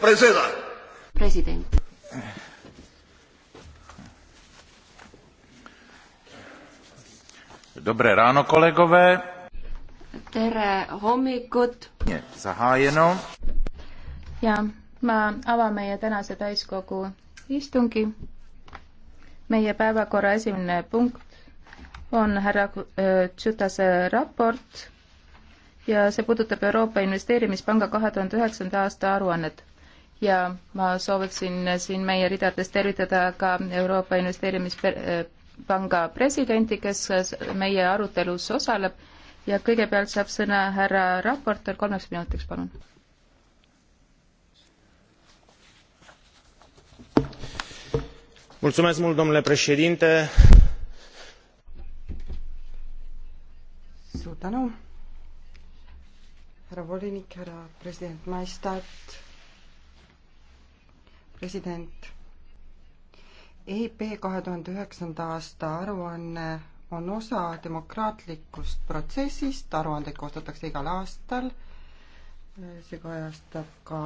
president. Dobré ráno, kolegové. tere hommikut. Zahajeno. ja ma avan meie tänase täiskogu istungi. meie päevakorra esimene punkt on härra Tšutase eh, raport ja see puudutab Euroopa Investeerimispanga kahe tuhande üheksanda aasta aruannet. ja ma sooviksin siin meie ridades tervitada ka Euroopa Investeerimispanga presidenti, kes meie arutelus osaleb ja kõigepealt saab sõna härra raportöör, kolmeks minutiks, palun. mulțumesc mult, domnule președinte. suur tänu härra volinik, härra president Maistat, president. EIB kahe tuhande üheksanda aasta aruanne on osa demokraatlikust protsessist, aruandeid koostatakse igal aastal. see kajastab ka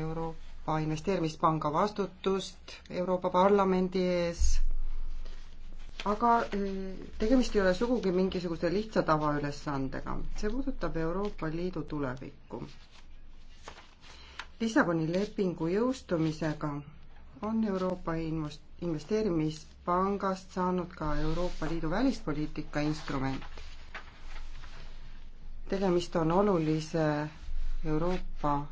Euroopa Investeerimispanga vastutust Euroopa Parlamendi ees aga mm, tegemist ei ole sugugi mingisuguse lihtsa tavaülesandega. see puudutab Euroopa Liidu tulevikku. Lissaboni lepingu jõustumisega on Euroopa Investeerimispangast saanud ka Euroopa Liidu välispoliitika instrument. tegemist on olulise Euroopa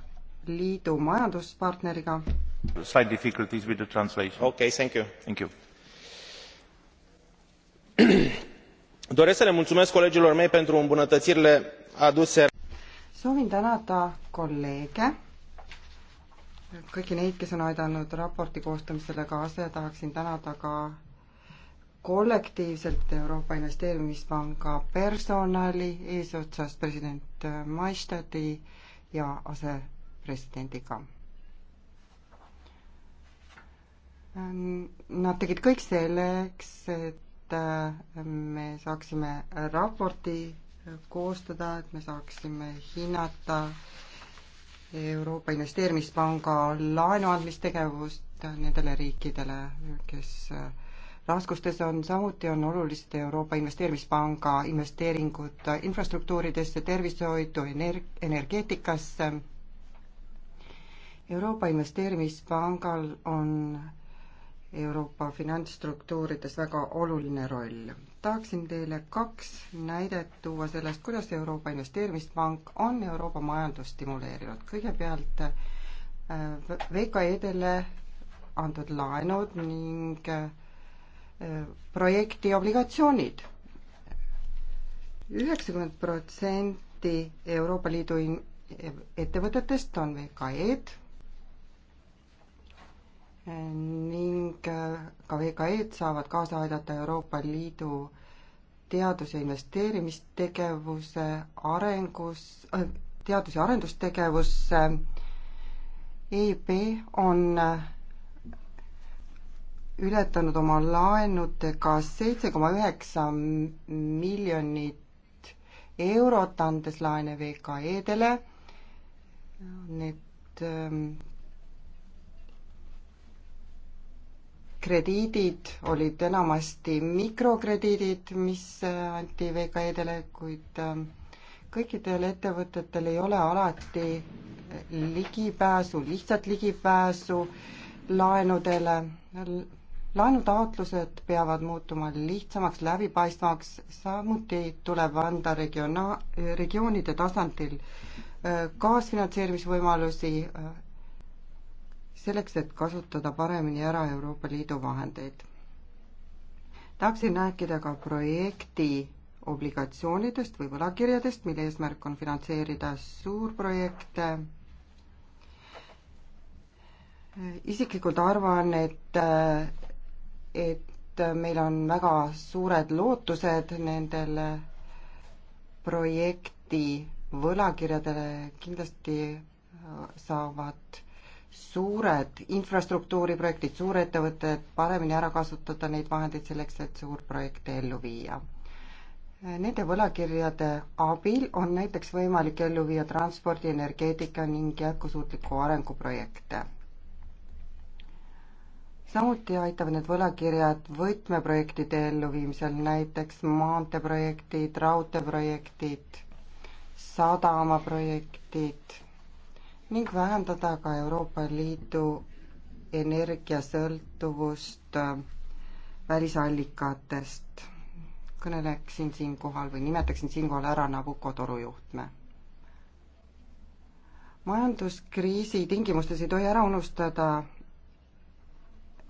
Liidu majanduspartneriga. Slight difficulties with the translation. Okay, thank you. Thank you doresc să le mulțumesc colegilor mei pentru îmbunătățirile aduse. soovin tänada kolleege kõiki neid, kes on aidanud raporti koostamisele kaasa ja tahaksin tänada ka kollektiivselt Euroopa Investeerimispanga personali eesotsas president Maistati ja asepresidendiga. Nad tegid kõik selleks, et et äh, me saaksime raporti äh, koostada, et me saaksime hinnata Euroopa Investeerimispanga laenu andmistegevust nendele riikidele, kes äh, raskustes on, samuti on olulised Euroopa Investeerimispanga investeeringud infrastruktuuridesse, tervishoidu, energ-, energeetikasse. Euroopa Investeerimispangal on Euroopa finantsstruktuurides väga oluline roll. tahaksin teile kaks näidet tuua sellest, kuidas Euroopa Investeerimispank on Euroopa majandust stimuleerinud. kõigepealt äh, VKE-dele antud laenud ning äh, projekti obligatsioonid. üheksakümmend protsenti Euroopa Liidu ettevõtetest on VKE-d ning äh, ka VKE-d saavad kaasa aidata Euroopa Liidu teadus- ja investeerimistegevuse arengus, äh, teadus- ja arendustegevusse. EIB on äh, ületanud oma laenudega seitse koma üheksa miljonit eurot, andes laene VKE-dele. Need ähm, krediidid olid enamasti mikrokrediidid, mis äh, anti VKE-dele, kuid äh, kõikidel ettevõtetel ei ole alati äh, ligipääsu, lihtsat ligipääsu laenudele. laenutaotlused peavad muutuma lihtsamaks, läbipaistvaks, samuti tuleb anda regiona-, regioonide tasandil kaasfinantseerimisvõimalusi selleks, et kasutada paremini ära Euroopa Liidu vahendeid. tahaksin rääkida ka projekti obligatsioonidest või võlakirjadest, mille eesmärk on finantseerida suurprojekte. isiklikult arvan, et, et meil on väga suured lootused nendele projekti võlakirjadele kindlasti saavad suured infrastruktuuriprojektid, suurettevõtted, paremini ära kasutada neid vahendeid selleks, et suurprojekte ellu viia. Nende võlakirjade abil on näiteks võimalik ellu viia transpordi, energeetika ning jätkusuutliku arengu projekte. samuti aitavad need võlakirjad võtmeprojektide elluviimisel, näiteks maanteeprojektid, raudteeprojektid, sadamaprojektid ning vähendada ka Euroopa Liidu energiasõltuvust äh, välisallikatest. kõneleksin siinkohal või nimetaksin siinkohal ära Nabucco torujuhtme. majanduskriisi tingimustes ei tohi ära unustada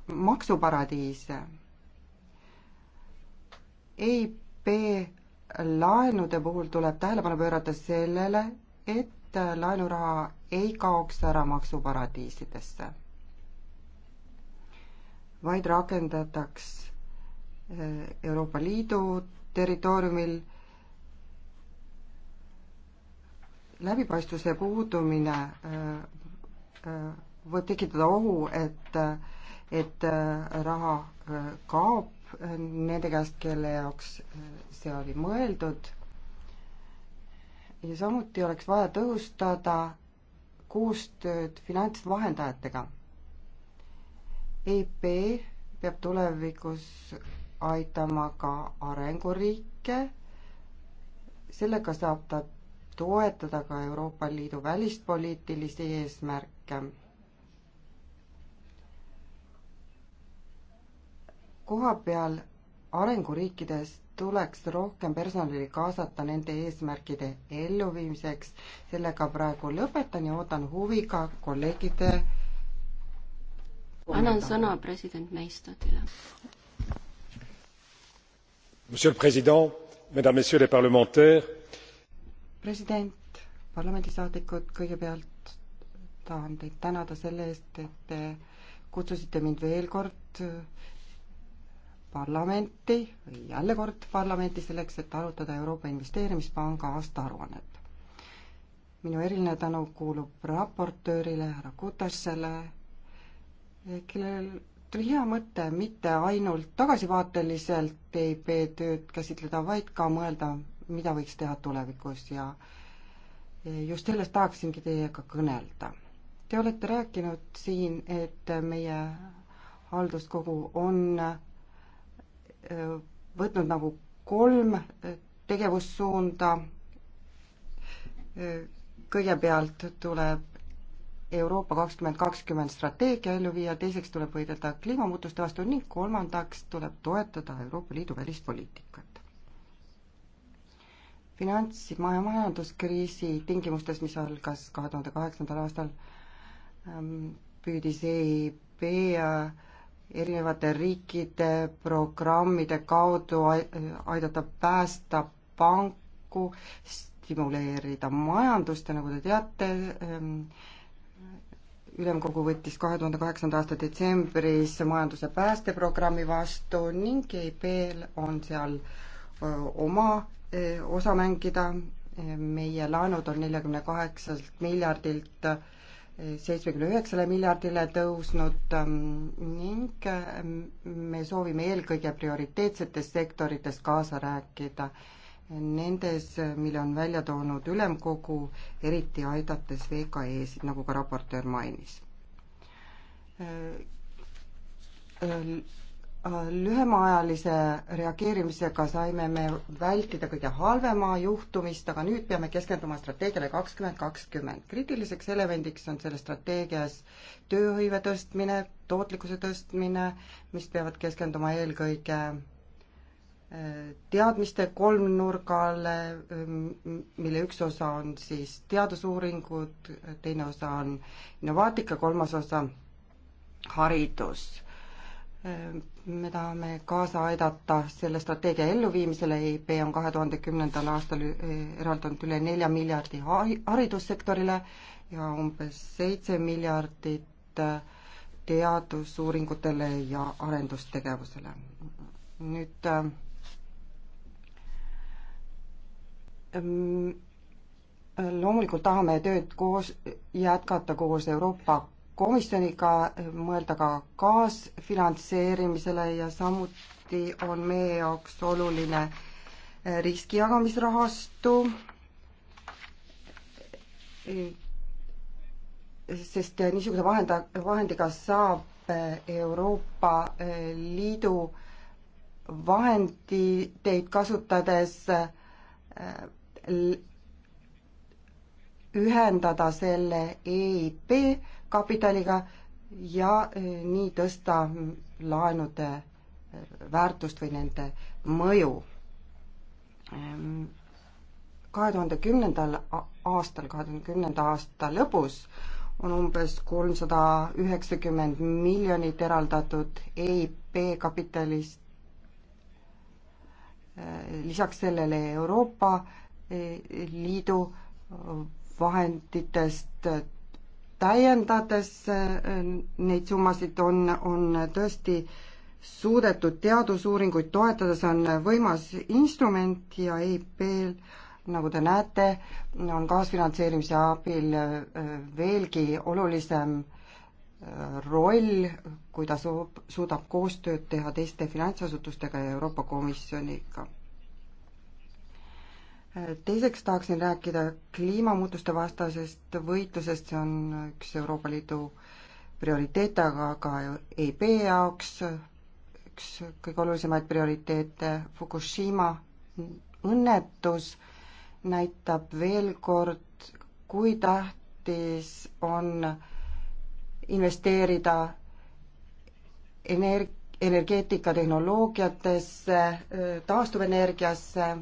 maksuparadiise. EIP laenude puhul tuleb tähelepanu pöörata sellele, et et laenuraha ei kaoks ära maksuparadiisidesse, vaid rakendataks eh, Euroopa Liidu territooriumil läbipaistvuse puudumine eh, eh, võib tekitada ohu, et, et raha kaob nende käest, kelle jaoks see oli mõeldud ja samuti oleks vaja tõhustada koostööd finantsvahendajatega. EIP peab tulevikus aitama ka arenguriike, sellega saab ta toetada ka Euroopa Liidu välispoliitilisi eesmärke. koha peal arenguriikides tuleks rohkem personali kaasata nende eesmärkide elluviimiseks. sellega praegu lõpetan ja ootan huviga kolleegide annan sõna president Meistadile. Monsieur le Président, Mesdames, Messieurs les parlementaires. president, parlamendisaadikud, kõigepealt tahan teid tänada selle eest, et te kutsusite mind veel kord parlamenti või jälle kord parlamenti selleks, et arutada Euroopa Investeerimispanga aastaaruannet. minu eriline tänu kuulub raportöörile härra Kutasele, kellel tuli hea mõte mitte ainult tagasivaateliselt EIB tööd käsitleda, vaid ka mõelda, mida võiks teha tulevikus ja just sellest tahaksingi teiega kõnelda. Te olete rääkinud siin, et meie halduskogu on võtnud nagu kolm eh, tegevussuunda. Eh, kõigepealt tuleb Euroopa kakskümmend kakskümmend strateegia ellu viia, teiseks tuleb võidelda kliimamuutuste vastu ning kolmandaks tuleb toetada Euroopa Liidu välispoliitikat. finants- ja majanduskriisi tingimustes, mis algas kahe tuhande kaheksandal aastal, ehm, püüdis EIB erinevate riikide programmide kaudu aidata päästa panku, stimuleerida majandust ja nagu te teate, ehm, ülemkogu võttis kahe tuhande kaheksanda aasta detsembris majanduse päästeprogrammi vastu ning EIP-l on seal oma e, osa mängida. meie laenud on neljakümne kaheksalt miljardilt seitsmekümne üheksale miljardile tõusnud ähm, ning ähm, me soovime eelkõige prioriteetsetes sektorites kaasa rääkida. Nendes, mille on välja toonud ülemkogu, eriti aidates VKE-sid, nagu ka raportöör mainis äh, äh, lühemaajalise reageerimisega saime me vältida kõige halvema juhtumist, aga nüüd peame keskenduma strateegiale kakskümmend kakskümmend. kriitiliseks elemendiks on selles strateegias tööhõive tõstmine, tootlikkuse tõstmine, mis peavad keskenduma eelkõige äh, teadmiste kolmnurgale, mille üks osa on siis teadusuuringud, teine osa on innovaatika, kolmas osa haridus Ehm, me tahame kaasa aidata selle strateegia elluviimisele, EIB on kahe tuhande kümnendal aastal e, eraldanud üle nelja miljardi haridussektorile ja umbes seitse miljardit e, teadusuuringutele ja arendustegevusele. nüüd e, loomulikult tahame tööd koos, jätkata koos Euroopa komisjoniga mõelda ka kaasfinantseerimisele ja samuti on meie jaoks oluline eh, riskijagamisrahastu, eh, sest niisuguse vahenda, vahendiga saab eh, Euroopa Liidu vahenditeid kasutades ühendada selle EIP kapitaliga ja eh, nii tõsta laenude väärtust või nende mõju. Ehm, kahe tuhande kümnendal aastal, kahe tuhande kümnenda aasta lõpus on umbes kolmsada üheksakümmend miljonit eraldatud EIP kapitalist. Eh, lisaks sellele Euroopa eh, Liidu vahenditest täiendades äh, neid summasid on, on tõesti suudetud teadusuuringuid toetada, see on võimas instrument ja EIP-l, nagu te näete, on kaasfinantseerimise abil äh, veelgi olulisem äh, roll, kui ta soov, suudab koostööd teha teiste finantsasutustega ja Euroopa Komisjoniga teiseks tahaksin rääkida kliimamuutuste vastasest võitlusest, see on üks Euroopa Liidu prioriteete, aga ka EIB jaoks üks kõige olulisemaid prioriteete, Fukushima õnnetus näitab veel kord, kui tähtis on investeerida energ-, energeetikatehnoloogiatesse, taastuvenergiasse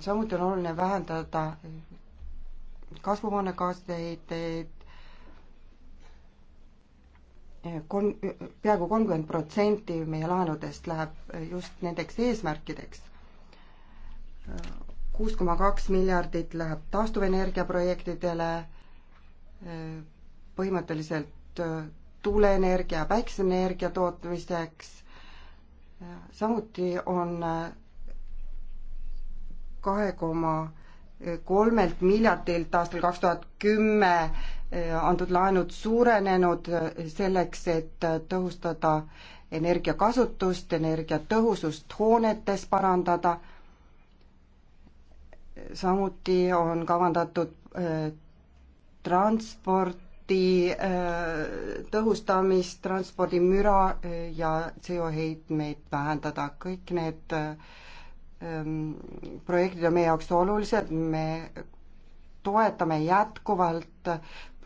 samuti on oluline vähendada kasvuhoonegaaside heiteid eh, kolm, peaaegu kolmkümmend protsenti meie laenudest läheb eh, just nendeks eesmärkideks. Eh, kuus koma kaks miljardit läheb taastuvenergia projektidele, põhimõtteliselt tuuleenergia, päikeseenergia tootmiseks, samuti on kahe koma kolmelt miljardilt aastal kaks tuhat kümme eh, antud laenud suurenenud eh, selleks, et eh, tõhustada energiakasutust, energiatõhusust hoonetes parandada. samuti on kavandatud transporti tõhustamist, transpordimüra ja CO heitmeid vähendada, kõik need äh, Ähm, projektid on meie jaoks olulised, me toetame jätkuvalt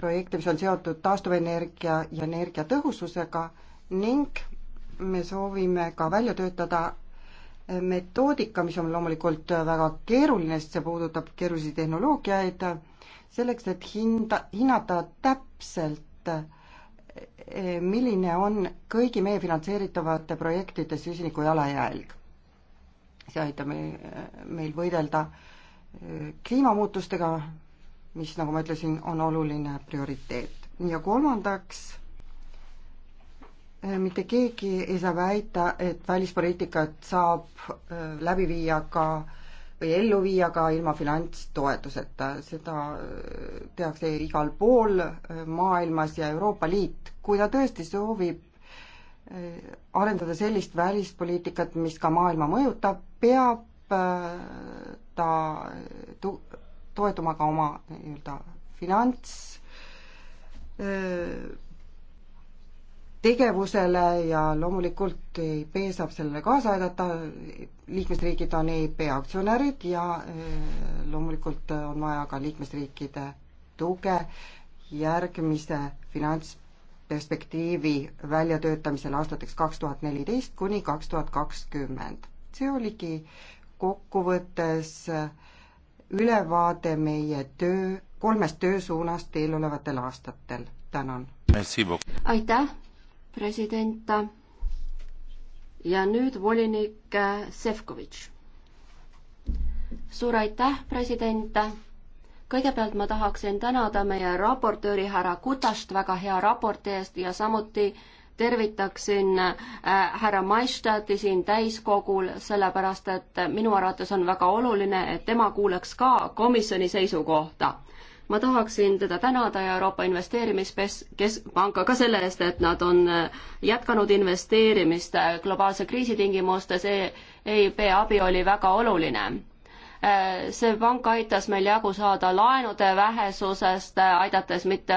projekte, mis on seotud taastuvenergia ja energiatõhususega ning me soovime ka välja töötada äh, metoodika, mis on loomulikult väga keeruline, sest see puudutab keerulisi tehnoloogiaid, selleks, et hinda, hinnata täpselt, äh, milline on kõigi meie finantseeritavate projektide süsiniku jalajälg see aitab meil, meil võidelda äh, kliimamuutustega, mis, nagu ma ütlesin, on oluline prioriteet. ja kolmandaks, äh, mitte keegi ei saa väita, et välispoliitikat saab äh, läbi viia ka või ellu viia ka ilma finantstoetuseta, seda tehakse igal pool maailmas ja Euroopa Liit, kui ta tõesti soovib arendada sellist välispoliitikat, mis ka maailma mõjutab, peab äh, ta tu-, toetuma ka oma nii-öelda finants äh, tegevusele ja loomulikult EIB saab sellele kaasa aidata, liikmesriigid on EIB aktsionärid ja äh, loomulikult on vaja ka liikmesriikide tuge järgmise finants finantsperspektiivi väljatöötamisel aastateks kaks tuhat neliteist kuni kaks tuhat kakskümmend. see oligi kokkuvõttes ülevaade meie töö, kolmest töösuunast eelolevatel aastatel. tänan. aitäh, president. ja nüüd volinik Sefkovitš. suur aitäh, president kõigepealt ma tahaksin tänada meie raportööri härra Kutast väga hea raporti eest ja samuti tervitaksin äh, härra Maistati siin täiskogul, sellepärast et minu arvates on väga oluline, et tema kuuleks ka komisjoni seisukohta. ma tahaksin teda tänada ja Euroopa Investeerimiskeskpanka ka selle eest, et nad on äh, jätkanud investeerimist äh, globaalse kriisi tingimustes e, EIB abi oli väga oluline Äh, see pank aitas meil jagu saada laenude vähesusest, äh, aidates mitte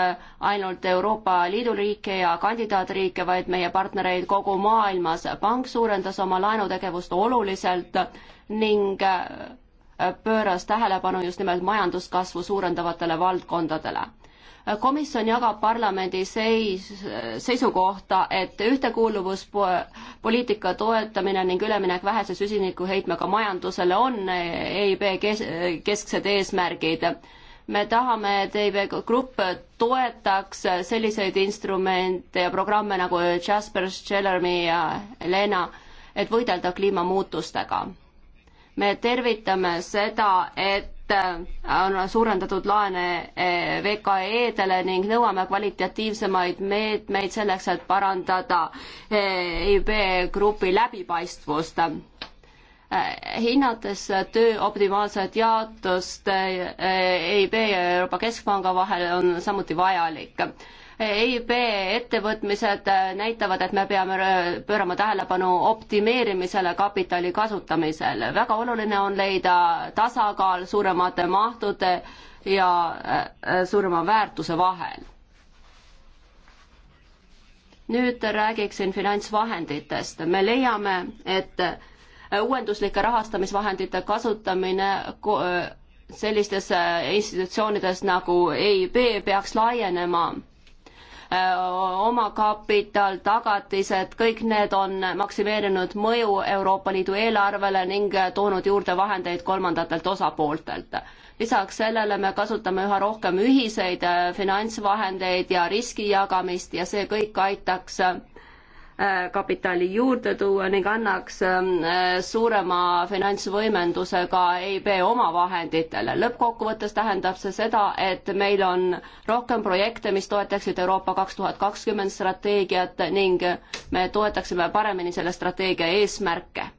ainult Euroopa Liidu riike ja kandidaatriike, vaid meie partnereid kogu maailmas. pank suurendas oma laenutegevust oluliselt ning äh, pööras tähelepanu just nimelt majanduskasvu suurendavatele valdkondadele komisjon jagab parlamendi seis, seisukohta, et ühtekuuluvuspoliitika toetamine ning üleminek vähese süsinikuheitmega majandusele on EIB kes, kesksed eesmärgid me tahame, et EIB Grupp toetaks selliseid instrumente ja programme nagu Jasper, Jeremy ja Lena, et võidelda kliimamuutustega. me tervitame seda, et Äh, on suurendatud laene äh, VKE-dele ning nõuame kvalitatiivsemaid meetmeid selleks, et parandada äh, EIB grupi läbipaistvust. hinnates töö optimaalset jaotust EIB ja Euroopa Keskpanga vahel on samuti vajalik EIB ettevõtmised äh, näitavad, et me peame pöörama tähelepanu optimeerimisele kapitali kasutamisel. väga oluline on leida tasakaal suuremate mahtude ja äh, äh, suurema väärtuse vahel. nüüd räägiksin finantsvahenditest. me leiame, et uuenduslike rahastamisvahendite kasutamine sellistes institutsioonides nagu EIB peaks laienema Äh, omakapital, tagatised, kõik need on maksimeerinud mõju Euroopa Liidu eelarvele ning äh, toonud juurde vahendeid kolmandatelt osapooltelt. lisaks sellele me kasutame üha rohkem ühiseid äh, finantsvahendeid ja riskijagamist ja see kõik aitaks kapitali juurde tuua ning annaks ähm, äh, suurema finantsvõimenduse ka EIB omavahenditele. lõppkokkuvõttes tähendab see seda, et meil on rohkem projekte, mis toetaksid Euroopa kaks tuhat kakskümmend strateegiat ning me toetaksime paremini selle strateegia eesmärke.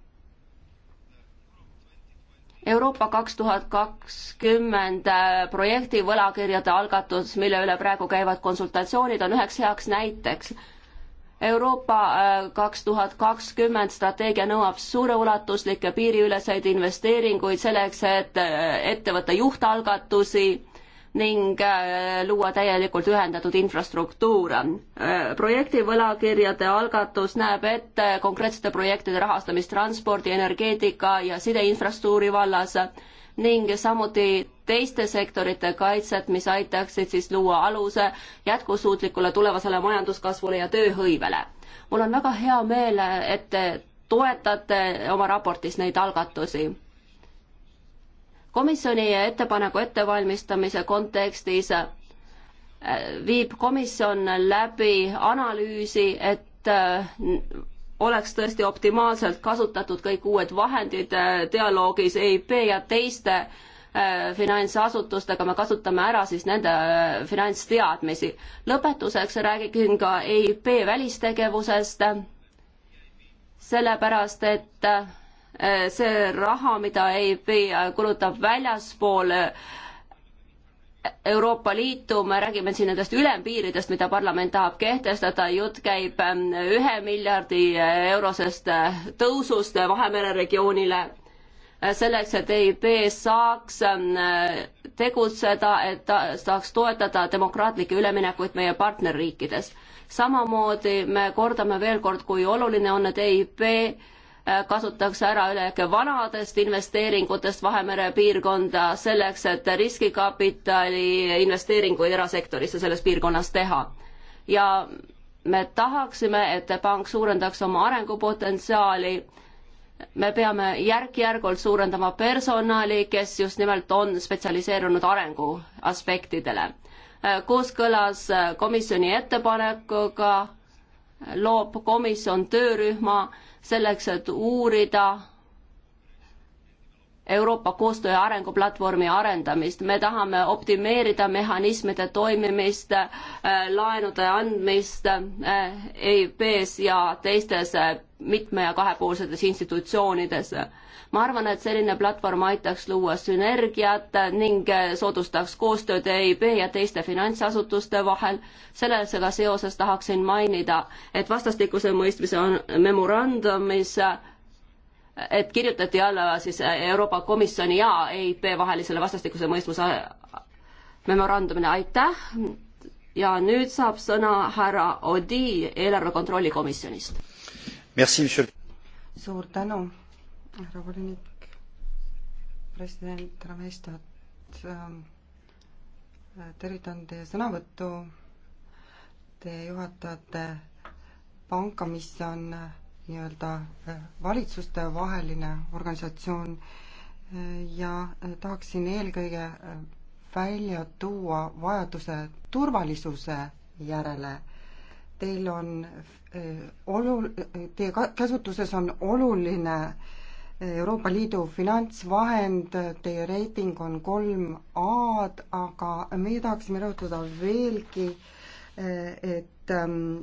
Euroopa kaks tuhat kakskümmend äh, projekti võlakirjade algatus, mille üle praegu käivad konsultatsioonid, on üheks heaks näiteks Euroopa äh, kaks tuhat kakskümmend strateegia nõuab suureulatuslikke piiriüleseid investeeringuid selleks, et äh, ette võtta juhtalgatusi ning äh, luua täielikult ühendatud infrastruktuur. projekti võlakirjade algatus näeb ette konkreetsete projektide rahastamist transpordi, energeetika ja sideinfrastruktuuri vallas ning samuti teiste sektorite kaitset, mis aitaksid siis luua aluse jätkusuutlikule tulevasele majanduskasvule ja tööhõivele. mul on väga hea meel, et te toetate oma raportis neid algatusi komisjoni ettepaneku ettevalmistamise kontekstis äh, viib komisjon läbi analüüsi, et äh, oleks tõesti optimaalselt kasutatud kõik uued vahendid äh, dialoogis EIP ja teiste äh, finantsasutustega, me kasutame ära siis nende äh, finantsteadmisi. lõpetuseks räägin ka EIP välistegevusest, sellepärast et see raha, mida EIP kulutab väljaspool Euroopa Liitu, me räägime siin nendest ülempiiridest, mida parlament tahab kehtestada, jutt käib ähm, ühe miljardi äh, eurosest äh, tõusust äh, Vahemere regioonile, selleks, et EIB saaks ähm, tegutseda, et ta saaks toetada demokraatlikke üleminekuid meie partnerriikides. samamoodi me kordame veel kord, kui oluline on, et EIB Äh, kasutatakse ära ülejääke vanadest investeeringutest Vahemere piirkonda selleks, et riskikapitali investeeringuid erasektorisse selles piirkonnas teha. ja me tahaksime, et pank suurendaks oma arengupotentsiaali me peame järk-järgult suurendama personali, kes just nimelt on spetsialiseerunud arengu aspektidele. Äh, kooskõlas äh, komisjoni ettepanekuga loob komisjon töörühma, selleks, et uurida Euroopa koostöö ja arenguplatvormi arendamist, me tahame optimeerida mehhanismide toimimist, äh, laenude andmist äh, EIB-s ja teistes äh, mitme- ja kahepoolsetes institutsioonides ma arvan, et selline platvorm aitaks luua sünergiat ning soodustaks koostööd EIB ja teiste finantsasutuste vahel. sellega seoses tahaksin mainida, et vastastikuse mõistmise on memorandumis et kirjutati alla siis Euroopa Komisjoni ja EIP vahelisele vastastikuse mõistmise memorandumile, aitäh. ja nüüd saab sõna härra Odi eelarve kontrolli komisjonist. suur tänu härra volinik, president, härra Meistat, ähm, tervitan teie sõnavõttu. Te juhatate panka, mis on äh, nii-öelda äh, valitsustevaheline organisatsioon äh, ja tahaksin eelkõige välja tuua vajaduse turvalisuse järele. Teil on olul-, teie käsutuses on oluline äh, Euroopa Liidu finantsvahend, teie reiting on kolm A-d, aga meie tahaksime rõhutada veelgi, et ähm,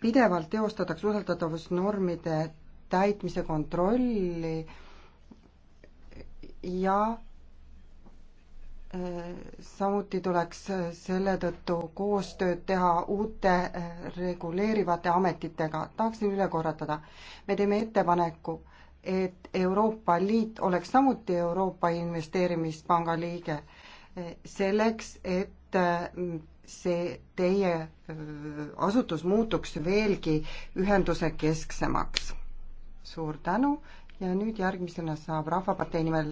pidevalt teostatakse usaldatavusnormide täitmise kontrolli ja äh, samuti tuleks selle tõttu koostööd teha uute äh, reguleerivate ametitega. tahaksin üle korratada. me teeme ettepaneku et Euroopa Liit oleks samuti Euroopa Investeerimispanga liige, selleks et äh, see teie äh, asutus muutuks veelgi ühenduse kesksemaks. suur tänu ja nüüd järgmisena saab Rahvapartei nimel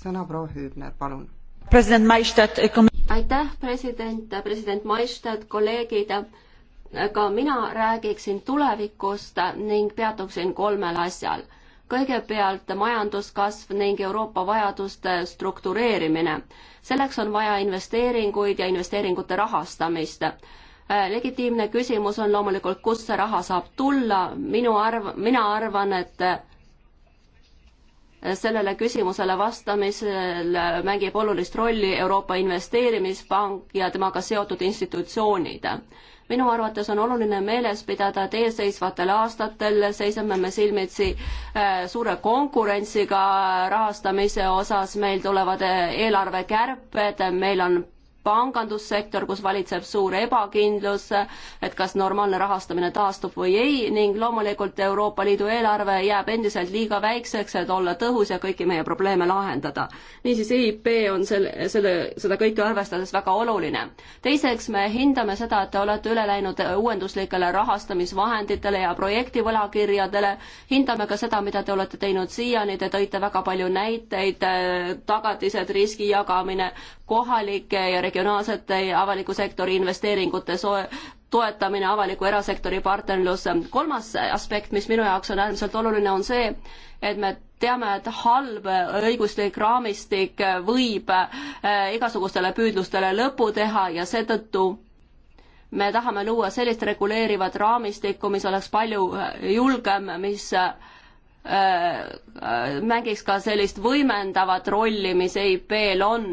sõna proua Hüübner, palun. president Maistad. Äh, aitäh, president, president Maistad, kolleegid ka mina räägiksin tulevikust ning peatuksin kolmel asjal kõigepealt majanduskasv ning Euroopa vajaduste struktureerimine. selleks on vaja investeeringuid ja investeeringute rahastamist. Äh, legitiimne küsimus on loomulikult, kust see raha saab tulla, minu arv, mina arvan, et äh, sellele küsimusele vastamisel mängib olulist rolli Euroopa Investeerimispank ja temaga seotud institutsioonid minu arvates on oluline meeles pidada, et eelseisvatel aastatel seisame me silmitsi äh, suure konkurentsiga rahastamise osas, meil tulevad äh, eelarvekärped, meil on pangandussektor, kus valitseb suur ebakindlus, et kas normaalne rahastamine taastub või ei ning loomulikult Euroopa Liidu eelarve jääb endiselt liiga väikseks, et olla tõhus ja kõiki meie probleeme lahendada. niisiis EIP on selle, selle, seda kõike arvestades väga oluline. teiseks, me hindame seda, et te olete üle läinud uuenduslikele rahastamisvahenditele ja projektivõlakirjadele, hindame ka seda, mida te olete teinud siiani, te tõite väga palju näiteid, tagatised, riski jagamine, kohalike ja regionaalsete regionaalsete ja avaliku sektori investeeringute soe-, toetamine, avaliku erasektori partnerlus. kolmas aspekt, mis minu jaoks on äärmiselt oluline, on see, et me teame, et halb õiguslik raamistik võib eh, igasugustele püüdlustele lõpu teha ja seetõttu me tahame luua sellist reguleerivat raamistikku, mis oleks palju eh, julgem, mis eh, mängiks ka sellist võimendavat rolli, mis EIP-l on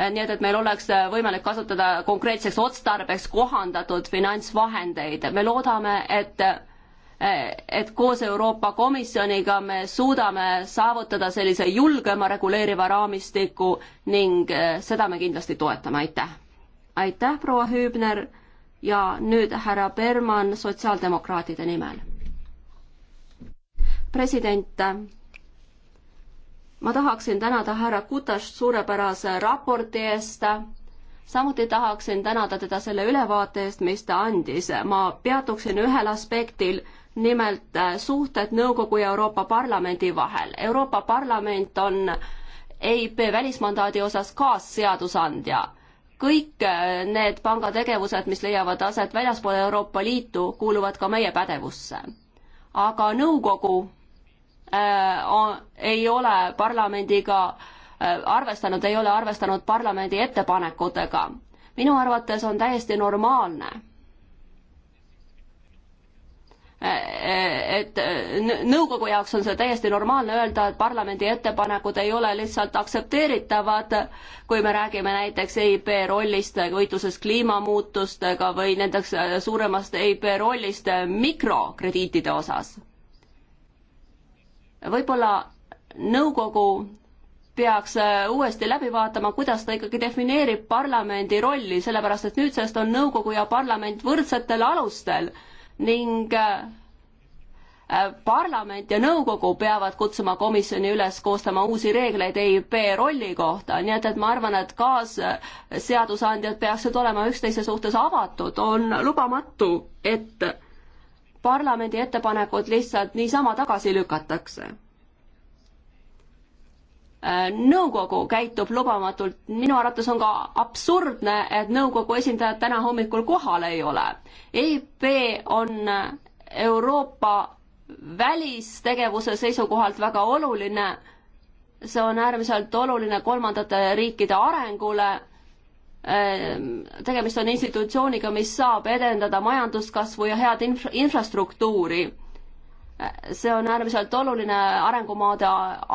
Äh, nii et, et meil oleks äh, võimalik kasutada konkreetseks otstarbeks kohandatud finantsvahendeid. me loodame, et äh, et koos Euroopa Komisjoniga me suudame saavutada sellise julgema reguleeriva raamistiku ning seda me kindlasti toetame, aitäh. aitäh, proua Hüübner ja nüüd härra Berman sotsiaaldemokraatide nimel. president ma tahaksin tänada härra Kutast suurepärase raporti eest samuti tahaksin tänada teda selle ülevaate eest, mis ta andis. ma peatuksin ühel aspektil, nimelt äh, suhted Nõukogu ja Euroopa Parlamendi vahel. Euroopa Parlament on EIP välismandaadi osas kaasseadusandja. kõik äh, need panga tegevused, mis leiavad aset väljaspool Euroopa Liitu, kuuluvad ka meie pädevusse. aga nõukogu Äh, ei ole parlamendiga äh, arvestanud, ei ole arvestanud parlamendi ettepanekutega. minu arvates on täiesti normaalne äh, et nõukogu jaoks on see täiesti normaalne öelda, et parlamendi ettepanekud ei ole lihtsalt aktsepteeritavad, kui me räägime näiteks EIB rollist võitluses kliimamuutustega või nendeks suuremast EIB rollist mikrokrediitide osas võib-olla nõukogu peaks äh, uuesti läbi vaatama, kuidas ta ikkagi defineerib parlamendi rolli, sellepärast et nüüdsest on nõukogu ja parlament võrdsetel alustel ning äh, äh, parlament ja nõukogu peavad kutsuma komisjoni üles koostama uusi reegleid EIP rolli kohta, nii et, et ma arvan, et kaasseadusandjad peaksid olema üksteise suhtes avatud, on lubamatu, et parlamendi ettepanekud lihtsalt niisama tagasi lükatakse. nõukogu käitub lubamatult, minu arvates on ka absurdne, et nõukogu esindajad täna hommikul kohal ei ole. EIP on Euroopa välistegevuse seisukohalt väga oluline, see on äärmiselt oluline kolmandate riikide arengule Ehm, tegemist on institutsiooniga, mis saab edendada majanduskasvu ja head inf-, infrastruktuuri. Ehm, see on äärmiselt oluline arengumaade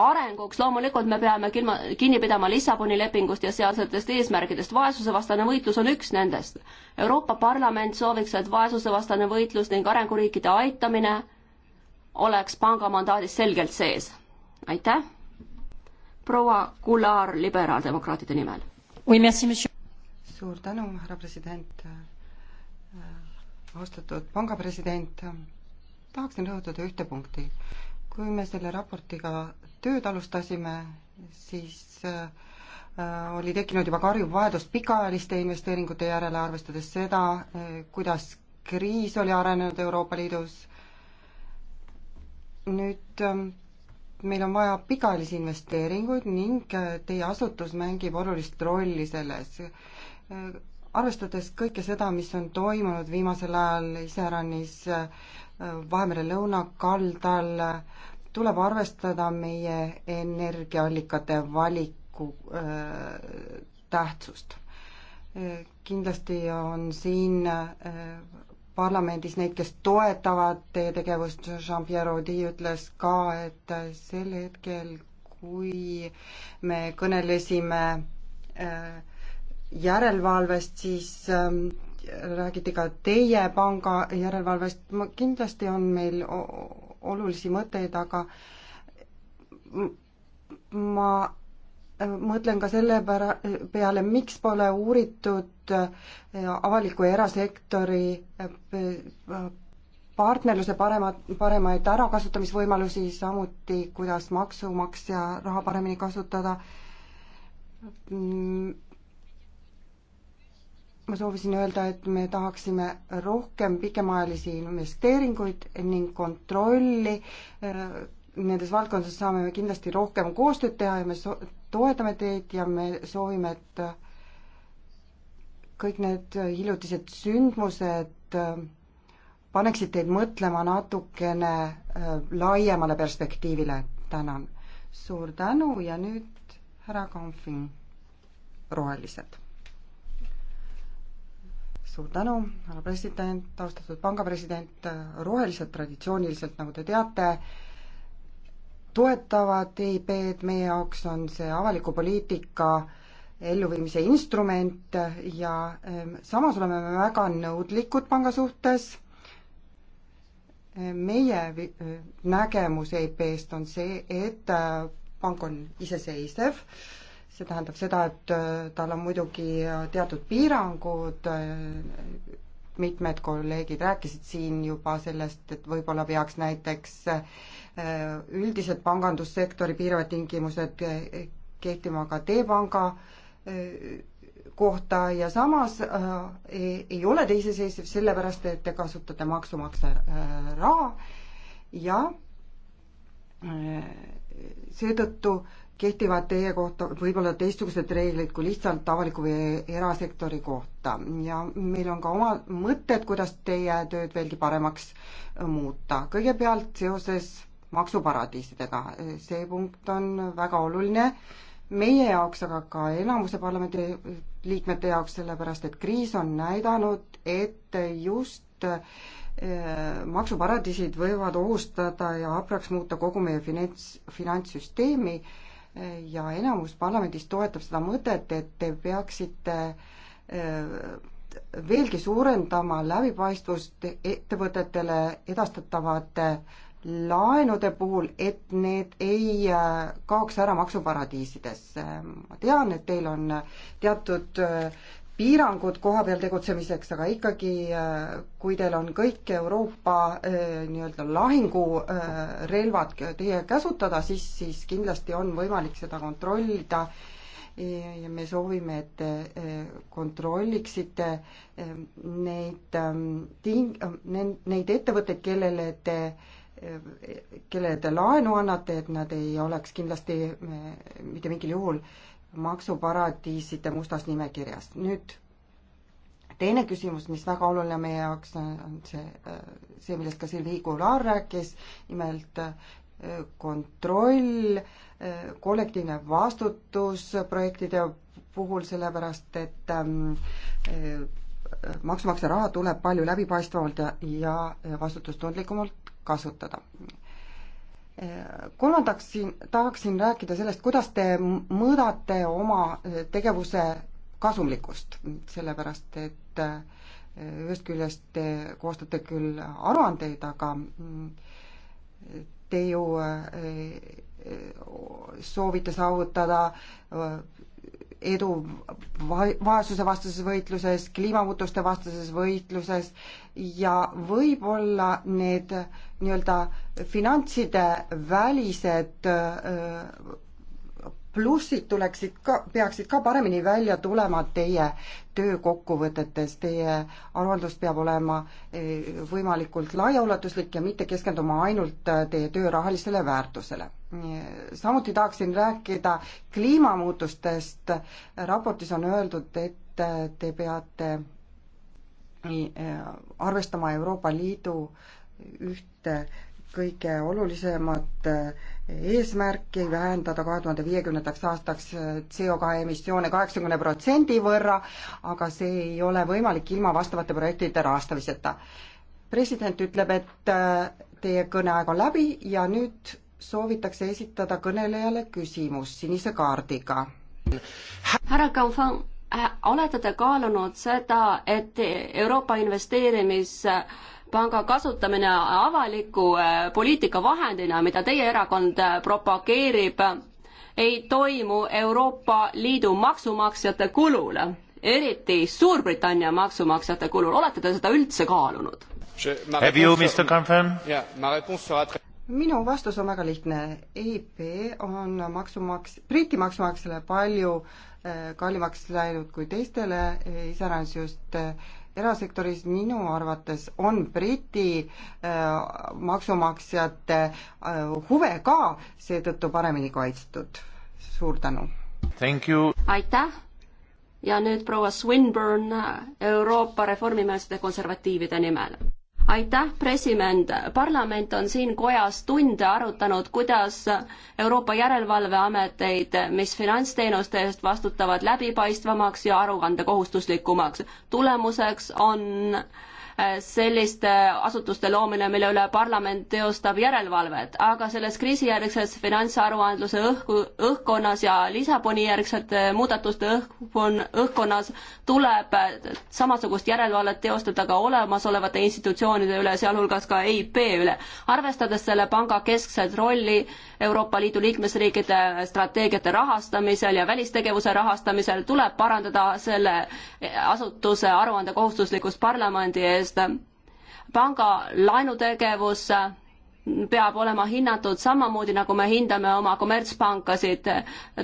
arenguks, loomulikult me peame kilma, kinni pidama Lissaboni lepingust ja sealsetest eesmärkidest, vaesusevastane võitlus on üks nendest. Euroopa Parlament sooviks, et vaesusevastane võitlus ning arenguriikide aitamine oleks panga mandaadis selgelt sees. aitäh! proua Kular liberaaldemokraatide nimel. Oui, merci, monsieur suur tänu, härra president, austatud panga president, tahaksin rõhutada ühte punkti. kui me selle raportiga tööd alustasime, siis äh, oli tekkinud juba karjuv vajadus pikaajaliste investeeringute järele, arvestades seda, äh, kuidas kriis oli arenenud Euroopa Liidus. nüüd äh, meil on vaja pikaajalisi investeeringuid ning teie asutus mängib olulist rolli selles arvestades kõike seda, mis on toimunud viimasel ajal iseäranis äh, Vahemere lõunakaldal, tuleb arvestada meie energiaallikate valiku äh, tähtsust. Äh, kindlasti on siin äh, parlamendis neid, kes toetavad teie tegevust, Jean-Pierre Audi ütles ka, et äh, sel hetkel, kui me kõnelesime äh, järelevalvest, siis ähm, räägiti ka teie panga järelevalvest, ma, kindlasti on meil olulisi mõtteid, aga ma äh, mõtlen ka selle pära-, peale, miks pole uuritud äh, avaliku ja erasektori äh, partnerluse paremat, paremaid ärakasutamisvõimalusi, samuti kuidas maksumaksja raha paremini kasutada ma soovisin öelda, et me tahaksime rohkem pikemaajalisi investeeringuid ning kontrolli. Nendes valdkondades saame me kindlasti rohkem koostööd teha ja me so-, toetame teid ja me soovime, et kõik need hiljutised sündmused paneksid teid mõtlema natukene äh, laiemale perspektiivile. tänan. suur tänu ja nüüd härra Konfin, Rohelised suur tänu, härra president, austatud panga president, rohelised traditsiooniliselt, nagu te teate, toetavad EIB-d, meie jaoks on see avaliku poliitika elluviimise instrument ja ehm, samas oleme me väga nõudlikud panga suhtes meie nägemus EIP-st on see, et äh, pank on iseseisev see tähendab seda, et äh, tal on muidugi äh, teatud piirangud, äh, mitmed kolleegid rääkisid siin juba sellest, et võib-olla peaks näiteks üldised pangandussektori piiravad tingimused kehtima ka T-panga kohta ja samas äh, ei, ei ole te iseseisev sellepärast, et te kasutate maksumaksja äh, raha ja äh, seetõttu äh, kehtivad teie kohta võib-olla teistsugused reeglid kui lihtsalt avaliku või erasektori kohta ja meil on ka oma mõtted, kuidas teie tööd veelgi paremaks äh, muuta. kõigepealt seoses maksuparadiisidega, see punkt on väga oluline meie jaoks, aga ka enamuse parlamendi liikmete jaoks, sellepärast et kriis on näidanud, et just äh, maksuparadiisid võivad ohustada ja hapraks muuta kogu meie finants, finantssüsteemi ja enamus parlamendis toetab seda mõtet, et te peaksite äh, veelgi suurendama läbipaistvust ettevõtetele edastatavate laenude puhul, et need ei äh, kaoks ära maksuparadiisidesse. ma tean, et teil on äh, teatud piirangud kohapeal tegutsemiseks, aga ikkagi, äh, kui teil on kõik Euroopa äh, nii-öelda lahingurelvad äh, teie käsutada, siis, siis kindlasti on võimalik seda kontrollida. ja me soovime, et te kontrolliksite neid ähm, ting-, neid ettevõtteid, kellele te kellele te laenu annate, et nad ei oleks kindlasti mitte mingil juhul äh, maksuparadiiside mustas nimekirjas. nüüd teine küsimus, mis väga oluline meie jaoks on see, äh, see, millest ka Silvi Kular rääkis, nimelt äh, kontroll, äh, kollektiivne vastutus projektide puhul, sellepärast et ähm, maksumaksja raha tuleb palju läbipaistvamalt ja, ja vastutustundlikumalt kasutada kolmandaks siin tahaksin rääkida sellest, kuidas te mõõdate oma eh, tegevuse kasumlikkust, sellepärast et eh, ühest küljest te koostate küll aruandeid, aga mm, te ju eh, soovite saavutada edu vaesuse vastases võitluses, kliimamuutuste vastases võitluses ja võib-olla need nii-öelda finantside välised plussid tuleksid ka, peaksid ka paremini välja tulema teie töökokkuvõtetes, teie aruandlus peab olema e, võimalikult laiaulatuslik ja mitte keskenduma ainult e, teie töö rahalisele väärtusele. E, samuti tahaksin rääkida kliimamuutustest, raportis on öeldud, et te peate arvestama Euroopa Liidu ühte kõige olulisemat äh, eesmärki vähendada äh, kahe tuhande viiekümnendaks aastaks CO2 emissioone kaheksakümne protsendi võrra, aga see ei ole võimalik ilma vastavate projektide rahastamiseta. president ütleb, et äh, teie kõneaeg on läbi ja nüüd soovitakse esitada kõnelejale küsimus sinise kaardiga. härra Kaufang, äh, olete te kaalunud seda, et Euroopa investeerimis äh, Panga kasutamine avaliku äh, poliitika vahendina, mida teie erakond äh, propageerib, ei toimu Euroopa Liidu maksumaksjate kulul, eriti Suurbritannia maksumaksjate kulul. olete te seda üldse kaalunud? minu vastus on väga lihtne. EIP on maksumaks, Briti maksumaksjale palju äh, kallimaks läinud kui teistele, iseäranis just erasektoris minu arvates on Briti äh, maksumaksjate äh, huve ka seetõttu paremini kaitstud. suur tänu! aitäh! ja nüüd proua Swinburne Euroopa Reformimeelsete Konservatiivide nimel aitäh, president, parlament on siin kojas tunde arutanud, kuidas Euroopa järelevalveameteid, mis finantsteenuste eest vastutavad, läbipaistvamaks ja aruandekohustuslikumaks. tulemuseks on äh, selliste äh, asutuste loomine, mille üle parlament teostab järelevalvet, aga selles kriisijärgses finantsaruandluse õhku, õhkkonnas ja Lissaboni järgsete muudatuste õhkkon-, õhkkonnas tuleb äh, samasugust järelevalvet teostada ka olemasolevate institutsioonide üle, sealhulgas ka EIP üle. arvestades selle panga keskset rolli, Euroopa Liidu liikmesriikide strateegiate rahastamisel ja välistegevuse rahastamisel, tuleb parandada selle asutuse aruandekohustuslikkust parlamendi eest. panga laenutegevus peab olema hinnatud samamoodi, nagu me hindame oma kommertspankasid.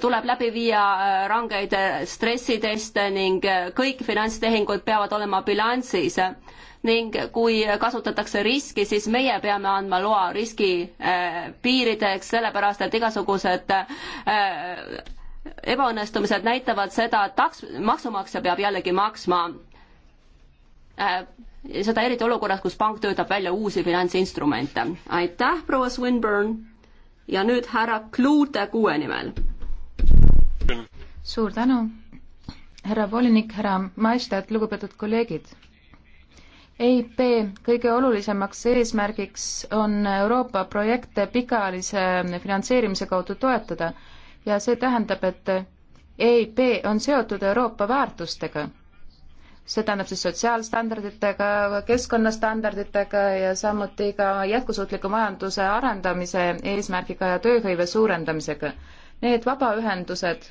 tuleb läbi viia äh, rangeid äh, stressiteste ning äh, kõik finantstehingud peavad olema bilansis ning kui kasutatakse riski, siis meie peame andma loa riski äh, piirideks, sellepärast et igasugused äh, ebaõnnestumised näitavad seda, et taks-, maksumaksja peab jällegi maksma äh, seda eriti olukorras, kus pank töötab välja uusi finantsinstrumente. aitäh, proua Swinburne ja nüüd härra Kluute kuue nimel. suur tänu, härra volinik, härra Maestat, lugupeetud kolleegid. EIP kõige olulisemaks eesmärgiks on Euroopa projekte pikaajalise finantseerimise kaudu toetada ja see tähendab, et EIP on seotud Euroopa väärtustega. see tähendab siis sotsiaalstandarditega, keskkonnastandarditega ja samuti ka jätkusuutliku majanduse arendamise eesmärgiga ja tööhõive suurendamisega. Need vabaühendused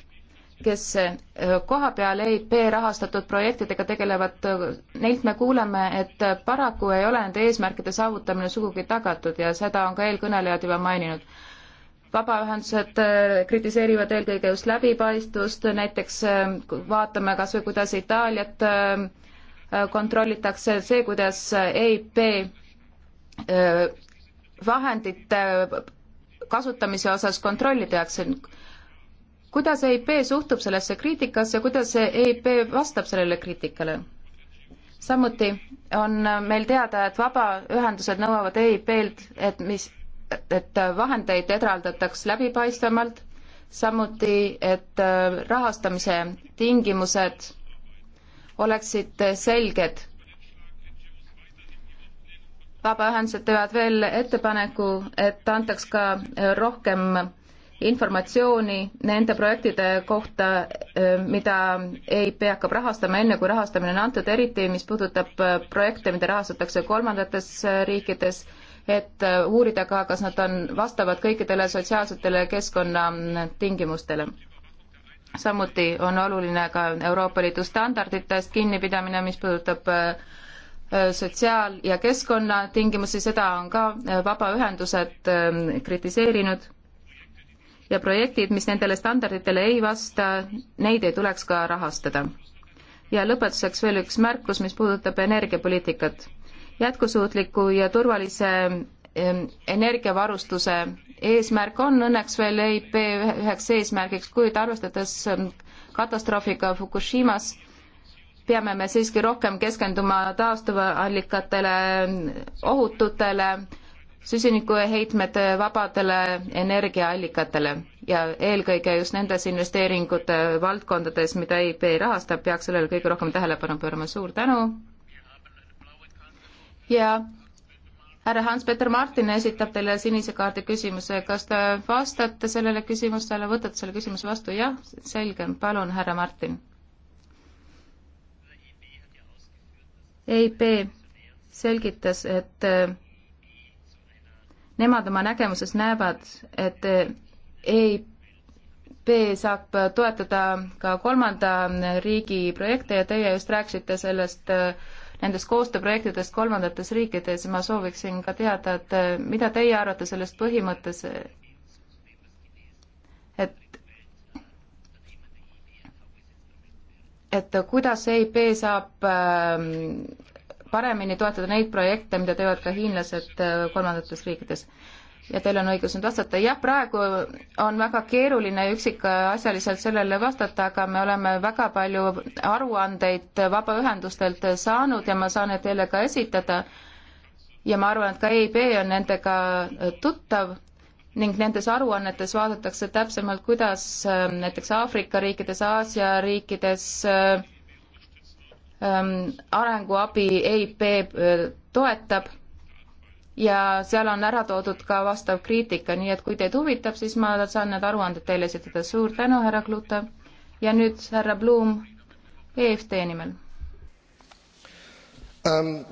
kes kohapeal EIP rahastatud projektidega tegelevad, neilt me kuuleme, et paraku ei ole nende eesmärkide saavutamine sugugi tagatud ja seda on ka eelkõnelejad juba maininud. vabaühendused kritiseerivad eelkõige just läbipaistvust, näiteks vaatame kas või kuidas Itaaliat kontrollitakse, see, kuidas EIP vahendite kasutamise osas kontrolli tehakse kuidas EIP suhtub sellesse kriitikasse, kuidas EIP e vastab sellele kriitikale? samuti on meil teada, et vabaühendused nõuavad EIP-lt, et mis, et vahendeid eraldataks läbipaistvamalt, samuti, et äh, rahastamise tingimused oleksid selged. vabaühendused teevad veel ettepaneku, et antaks ka äh, rohkem informatsiooni nende projektide kohta, mida EIP hakkab rahastama, enne kui rahastamine on antud, eriti mis puudutab projekte, mida rahastatakse kolmandates riikides, et uurida ka, kas nad on, vastavad kõikidele sotsiaalsetele keskkonnatingimustele. samuti on oluline ka Euroopa Liidu standarditest kinnipidamine, mis puudutab sotsiaal- ja keskkonnatingimusi, seda on ka vabaühendused kritiseerinud ja projektid, mis nendele standarditele ei vasta, neid ei tuleks ka rahastada. ja lõpetuseks veel üks märkus, mis puudutab energiapoliitikat. jätkusuutliku ja turvalise energiavarustuse eesmärk on õnneks veel EIP üheks eesmärgiks, kuid arvestades katastroofiga Fukushimas, peame me siiski rohkem keskenduma taastuvallikatele, ohututele süsinikuheitmete vabadele energiaallikatele ja eelkõige just nendes investeeringute valdkondades, mida EIB rahastab, peaks sellele kõige rohkem tähelepanu pöörama. suur tänu! ja härra Hans-Peter Martin esitab teile sinise kaardi küsimuse, kas te vastate sellele küsimusele, võtate selle küsimuse vastu, jah, selge, palun, härra Martin. EIB selgitas, et nemad oma nägemuses näevad, et EIP saab toetada ka kolmanda riigi projekte ja teie just rääkisite sellest, nendest koostööprojektidest kolmandates riikides ja ma sooviksin ka teada, et mida teie arvate sellest põhimõttes, et et kuidas EIP saab ähm, paremini toetada neid projekte, mida teevad ka hiinlased äh, kolmandates riikides. ja teil on õigus nüüd vastata, jah, praegu on väga keeruline üksikasjaliselt sellele vastata, aga me oleme väga palju aruandeid vabaühendustelt saanud ja ma saan need teile ka esitada. ja ma arvan, et ka EIB on nendega tuttav ning nendes aruannetes vaadatakse täpsemalt, kuidas äh, näiteks Aafrika riikides, Aasia riikides äh, Ähm, arenguabi EIP äh, toetab ja seal on ära toodud ka vastav kriitika, nii et kui teid huvitab, siis ma saan need aruanded teile esitada. suur tänu, härra Klute. ja nüüd härra Blum EFT nimel um,.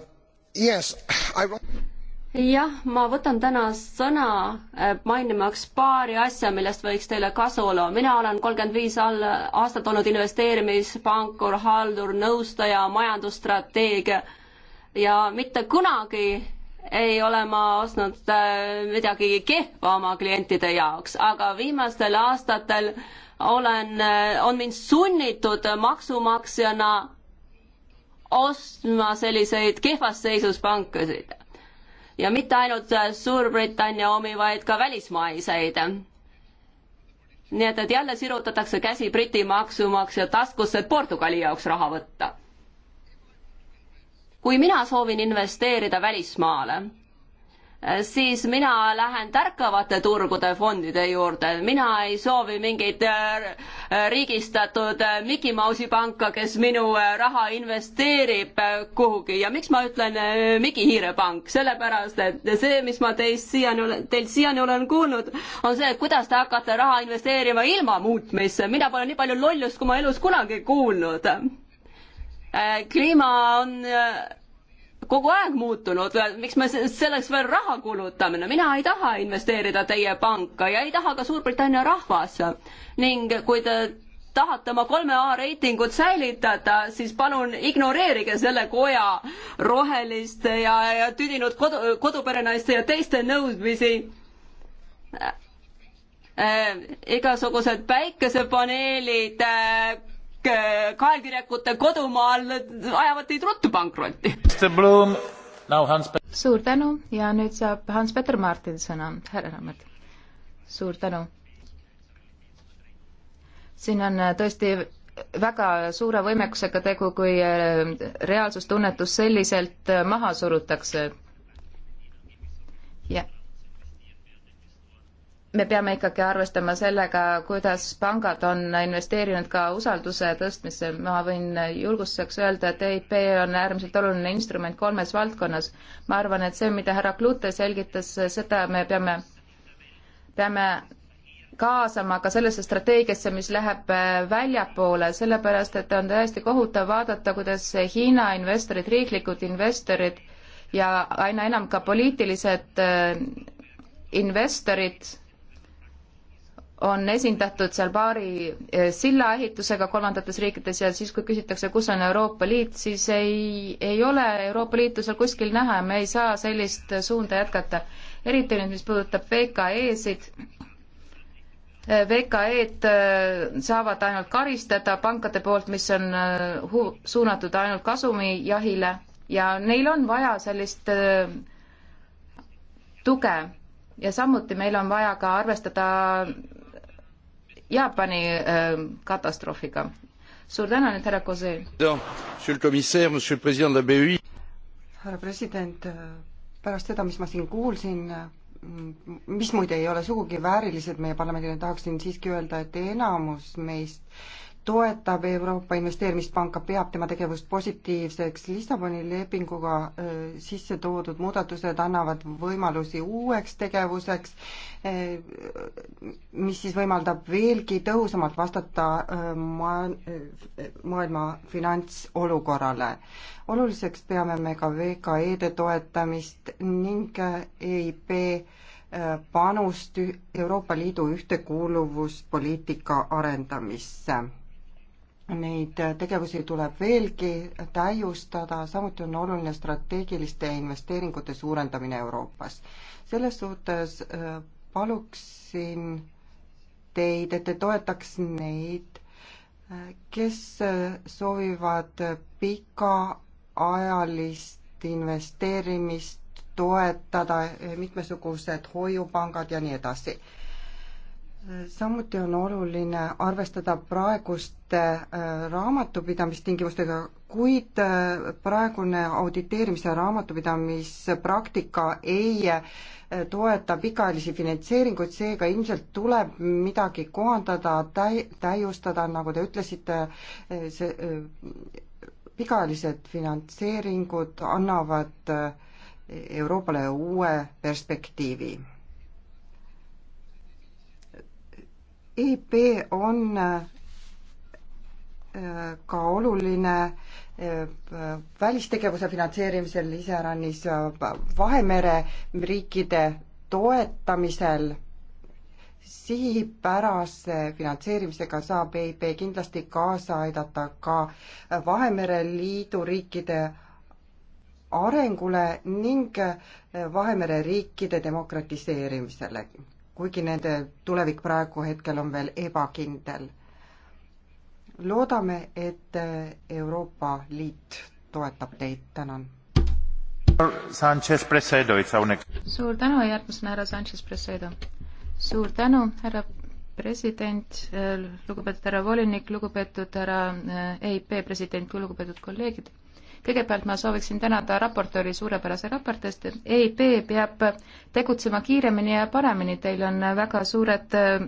Yes, I jah, ma võtan täna sõna äh, mainimaks paari asja, millest võiks teile kasu olla. mina olen kolmkümmend viis aastat olnud investeerimispankur, haldur, nõustaja, majandusstrateegia ja mitte kunagi ei ole ma ostnud äh, midagi kehva oma klientide jaoks, aga viimastel aastatel olen, äh, on mind sunnitud maksumaksjana ostma selliseid kehvas seisus pankasid ja mitte ainult Suurbritannia omi, vaid ka välismaiseid. nii et, et jälle sirutatakse käsi Briti maksumaksja taskusse, et Portugali jaoks raha võtta. kui mina soovin investeerida välismaale Äh, siis mina lähen tärkavate turgude fondide juurde, mina ei soovi mingit äh, äh, riigistatud Mickey Mouse'i panka, kes minu raha investeerib kuhugi ja miks ma ütlen Mickey Hiire pank, sellepärast et see, mis ma teist siiani, teilt siiani olen kuulnud, on see, et kuidas te hakkate raha investeerima ilma muutmisse, mina pole nii palju lollust, kui ma elus kunagi kuulnud. kliima on kogu aeg muutunud, miks me selleks veel raha kulutame, no mina ei taha investeerida teie panka ja ei taha ka Suurbritannia rahvas. ning kui te tahate oma kolme A reitingut säilitada, siis palun ignoreerige selle koja roheliste ja, ja tüdinud kodu, koduperenaiste ja teiste nõudmisi äh,. äh igasugused päikesepaneelid äh,, Äh, kaelkirjakute kodumaal ajavad teid ruttu pankrotti. suur tänu ja nüüd saab Hans-Peter Martin sõna, härra Raamat. suur tänu. siin on äh, tõesti väga suure võimekusega tegu, kui äh, reaalsustunnetus selliselt maha surutakse. jah me peame ikkagi arvestama sellega, kuidas pangad on investeerinud ka usalduse tõstmisse. ma võin julgustuseks öelda, et EIP on äärmiselt oluline instrument kolmes valdkonnas. ma arvan, et see, mida härra Klute selgitas, seda me peame, peame kaasama ka sellesse strateegiasse, mis läheb äh, väljapoole, sellepärast et on täiesti kohutav vaadata, kuidas Hiina investorid, riiklikud investorid ja aina enam ka poliitilised äh, investorid on esindatud seal paari eh, silla ehitusega kolmandates riikides ja siis, kui küsitakse, kus on Euroopa Liit, siis ei, ei ole Euroopa Liitu seal kuskil näha ja me ei saa sellist suunda jätkata. eriti nüüd, mis puudutab VKE-sid, eh, VKE-d eh, saavad ainult karistada pankade poolt, mis on hu-, suunatud ainult kasumijahile ja neil on vaja sellist tuge ja samuti meil on vaja ka arvestada Jaapani ähm, katastroofiga. suur tänu nüüd, härra Kose. härra president, äh, pärast seda, mis ma siin kuulsin, äh, mis muide ei ole sugugi väärilised meie parlamendile, tahaksin siiski öelda, et enamus meist toetab Euroopa Investeerimispanka, peab tema tegevust positiivseks. Lissaboni lepinguga äh, sisse toodud muudatused annavad võimalusi uueks tegevuseks, äh, mis siis võimaldab veelgi tõhusamalt vastata äh, ma-, maailma finantsolukorrale. oluliseks peame me ka VKE-de toetamist ning EIP panust Euroopa Liidu ühtekuuluvuspoliitika arendamisse Neid tegevusi tuleb veelgi täiustada, samuti on oluline strateegiliste investeeringute suurendamine Euroopas. selles suhtes äh, paluksin teid, et te toetaks neid, äh, kes äh, soovivad pikaajalist investeerimist toetada, mitmesugused hoiupangad ja nii edasi samuti on oluline arvestada praeguste äh, raamatupidamistingimustega, kuid äh, praegune auditeerimise raamatupidamispraktika ei äh, toeta pikaajalisi finantseeringuid, seega ilmselt tuleb midagi kohandada, täi-, täiustada, nagu te ütlesite, see pikaajalised finantseeringud annavad Euroopale uue perspektiivi EIP on äh, ka oluline äh, välistegevuse finantseerimisel iseäranis äh, Vahemere riikide toetamisel sihipärase finantseerimisega saab EIB kindlasti kaasa aidata ka Vahemere Liidu riikide arengule ning Vahemere riikide demokratiseerimisele kuigi nende tulevik praegu hetkel on veel ebakindel. loodame, et Euroopa Liit toetab teid, tänan. suur tänu, järgmisena härra Sanchez Presedo. suur tänu, härra president, lugupeetud härra volinik, lugupeetud härra EIP eh, e president, lugupeetud kolleegid kõigepealt ma sooviksin tänada raportööri suurepärase raporti eest. EIB peab tegutsema kiiremini ja paremini, teil on väga suured äh,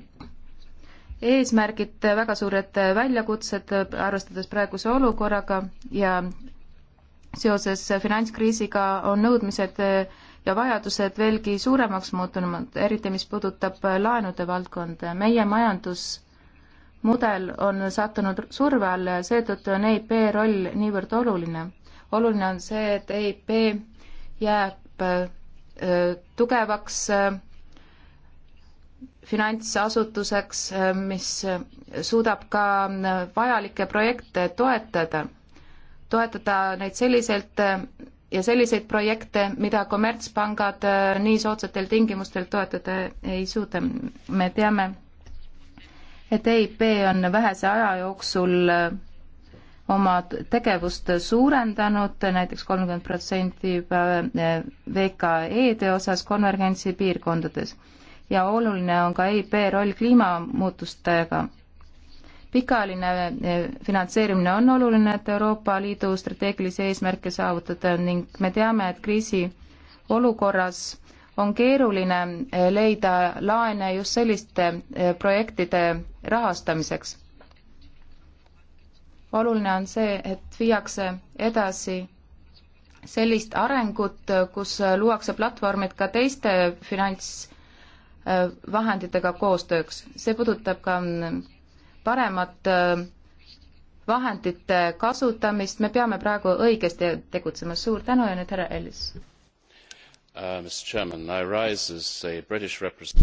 eesmärgid, väga suured väljakutsed, arvestades praeguse olukorraga ja seoses finantskriisiga on nõudmised äh, ja vajadused veelgi suuremaks muutunud, eriti mis puudutab laenude valdkonda. meie majandusmudel on sattunud surve alla ja seetõttu on EIP roll niivõrd oluline oluline on see, et EIP jääb äh, tugevaks äh, finantsasutuseks, äh, mis suudab ka vajalikke projekte toetada, toetada neid selliselt ja selliseid projekte, mida kommertspangad nii soodsatel tingimustel toetada ei suuda. me teame, et EIP on vähese aja jooksul oma tegevust suurendanud näiteks kolmkümmend protsenti VKE-de osas konvergentsi piirkondades ja oluline on ka EIB roll kliimamuutustega. pikaajaline eh, finantseerimine on oluline, et Euroopa Liidu strateegilisi eesmärke saavutada ning me teame, et kriisiolukorras on keeruline eh, leida laene just selliste eh, projektide rahastamiseks oluline on see, et viiakse edasi sellist arengut, kus luuakse platvormid ka teiste finantsvahenditega koostööks. see puudutab ka paremat vahendite kasutamist, me peame praegu õigesti tegutsema. suur tänu ja nüüd härra Ellis Uh, äh,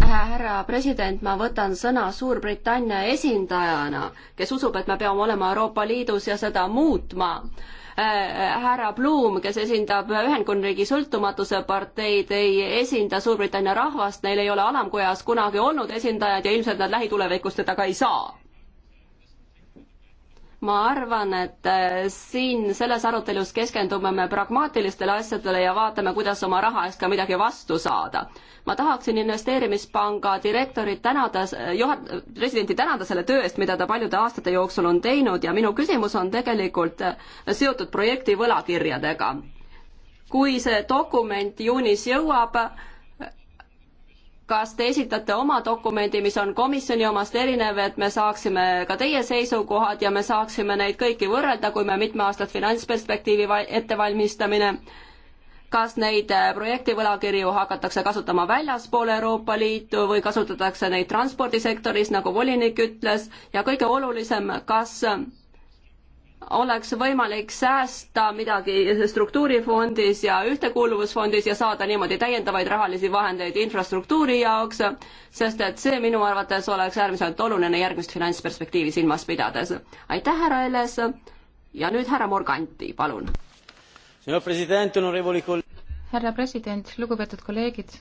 härra president, ma võtan sõna Suurbritannia esindajana, kes usub, et me peame olema Euroopa Liidus ja seda muutma äh, äh, härra Bloom, kes esindab Ühendkuningriigi sõltumatuse parteid, ei esinda Suurbritannia rahvast, neil ei ole alamkojas kunagi olnud esindajad ja ilmselt nad lähitulevikus teda ka ei saa ma arvan, et äh, siin selles arutelus keskendume me pragmaatilistele asjadele ja vaatame, kuidas oma raha eest ka midagi vastu saada. ma tahaksin investeerimispanga direktorit tänada, äh, juhat-, presidenti tänada selle töö eest, mida ta paljude aastate jooksul on teinud ja minu küsimus on tegelikult äh, seotud projekti võlakirjadega. kui see dokument juunis jõuab, kas te esitate oma dokumendi, mis on komisjoni omast erinev, et me saaksime ka teie seisukohad ja me saaksime neid kõiki võrrelda, kui me mitme aastat finantsperspektiivi ettevalmistamine, kas neid äh, projektivõlakirju hakatakse kasutama väljaspool Euroopa Liitu või kasutatakse neid transpordisektoris, nagu volinik ütles, ja kõige olulisem, kas oleks võimalik säästa midagi struktuurifondis ja ühtekuuluvusfondis ja saada niimoodi täiendavaid rahalisi vahendeid infrastruktuuri jaoks, sest et see minu arvates oleks äärmiselt oluline järgmist finantsperspektiivi silmas pidades. aitäh, härra Elles ja nüüd härra Morganti, palun. härra president, lugupeetud kolleegid.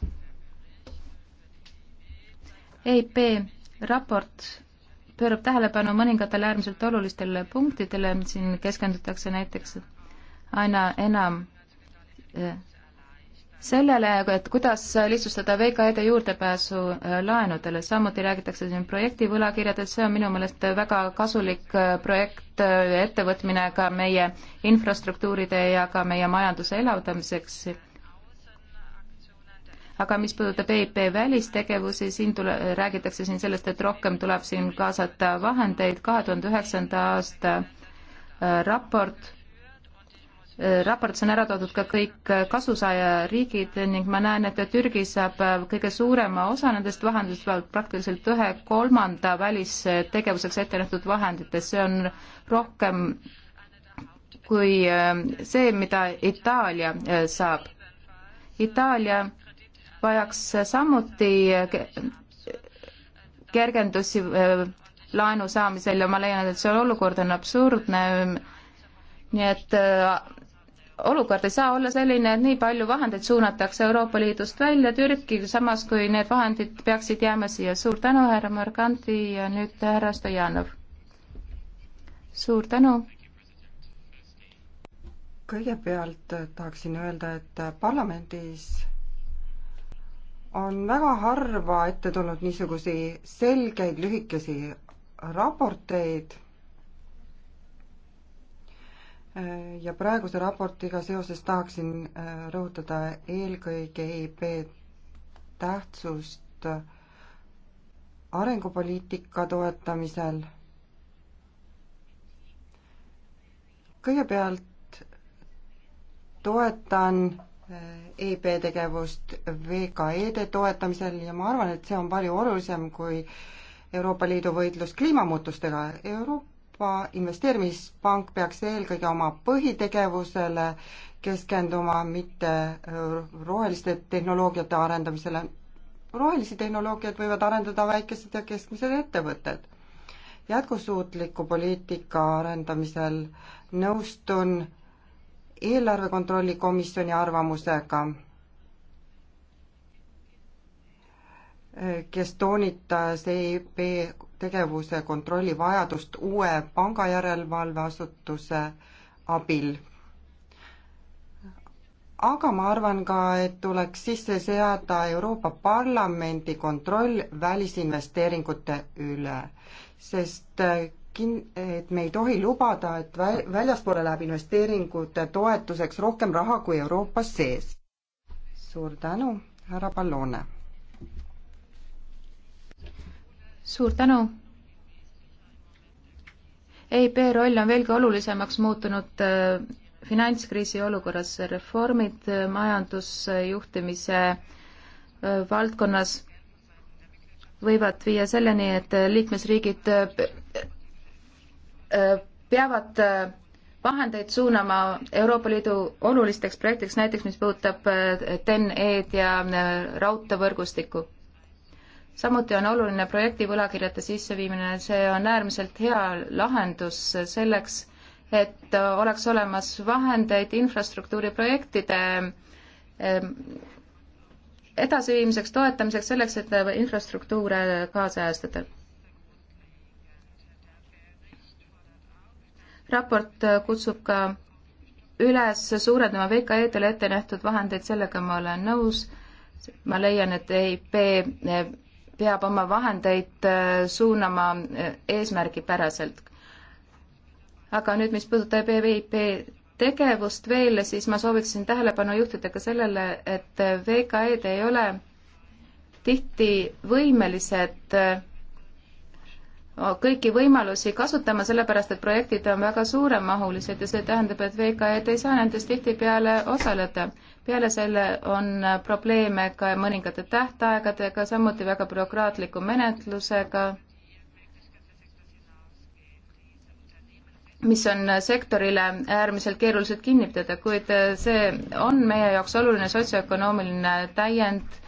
EIP raport pöörab tähelepanu mõningatele äärmiselt olulistele punktidele, siin keskendutakse näiteks aina enam eh, sellele, et kuidas lihtsustada VKE-de juurdepääsu eh, laenudele, samuti räägitakse siin projekti võlakirjadest, see on minu meelest väga kasulik eh, projekt, ettevõtmine ka meie infrastruktuuride ja ka meie majanduse elavdamiseks aga mis puudutab EIP välistegevusi, siin tule, räägitakse siin sellest, et rohkem tuleb siin kaasata vahendeid, kahe tuhande üheksanda aasta äh, raport äh, raportis on ära toodud ka kõik äh, kasusaaja riigid ning ma näen, et Türgi saab kõige suurema osa nendest vahenditest, praktiliselt ühe kolmanda välistegevuseks ette nähtud vahenditest, see on rohkem kui see, mida Itaalia saab. Itaalia vajaks samuti kergendusi äh, laenu saamisel ja ma leian, et see olukord on absurdne. nii et äh, olukord ei saa olla selline, et nii palju vahendeid suunatakse Euroopa Liidust välja Türki, samas kui need vahendid peaksid jääma siia. suur tänu, härra Morganti ja nüüd härra Stojanov. suur tänu. kõigepealt tahaksin öelda, et parlamendis on väga harva ette tulnud niisuguseid selgeid lühikesi raporteid ja praeguse raportiga seoses tahaksin äh, rõhutada eelkõige EIB tähtsust äh, arengupoliitika toetamisel. kõigepealt toetan EIB tegevust VKE-de toetamisel ja ma arvan, et see on palju olulisem kui Euroopa Liidu võitlus kliimamuutustega. Euroopa Investeerimispank peaks eelkõige oma põhitegevusele keskenduma, mitte roheliste tehnoloogiate arendamisele. rohelisi tehnoloogiaid võivad arendada väikesed ja keskmised ettevõtted. jätkusuutliku poliitika arendamisel nõustun eelarve kontrolli komisjoni arvamusega, kes toonitas EIP tegevuse kontrolli vajadust uue pangajärelevalveasutuse abil. aga ma arvan ka, et tuleks sisse seada Euroopa Parlamendi kontroll välisinvesteeringute üle, sest kin-, et me ei tohi lubada, et väl-, väljaspoole läheb investeeringute toetuseks rohkem raha kui Euroopas sees. suur tänu, härra Pallone! suur tänu! EIB roll on veelgi olulisemaks muutunud äh, finantskriisi olukorras, reformid äh, majandusjuhtimise äh, valdkonnas võivad viia selleni, et liikmesriigid Äh, peavad äh, vahendeid suunama Euroopa Liidu olulisteks projektiks, näiteks mis puudutab äh, TEN-E-d ja raudteevõrgustikku. samuti on oluline projekti võlakirjade sisseviimine, see on äärmiselt hea lahendus selleks, et oleks olemas vahendeid infrastruktuuriprojektide ähm, edasiviimiseks, toetamiseks, selleks, et infrastruktuure kaasajastada raport äh, kutsub ka üles suurendama VKE-dele ette nähtud vahendeid, sellega ma olen nõus. ma leian, et EIP äh, peab oma vahendeid äh, suunama eesmärgipäraselt. aga nüüd, mis puudutab EIP tegevust veel, siis ma sooviksin tähelepanu juhtida ka sellele, et VKE-d ei ole tihti võimelised kõiki võimalusi kasutama, sellepärast et projektid on väga suuremahulised ja see tähendab, et VKE-d ei saa nendes tihtipeale osaleda. peale selle on probleeme ka mõningate tähtaegadega, samuti väga bürokraatliku menetlusega, mis on sektorile äärmiselt keeruliselt kinnitada, kuid see on meie jaoks oluline sotsioökonoomiline täiend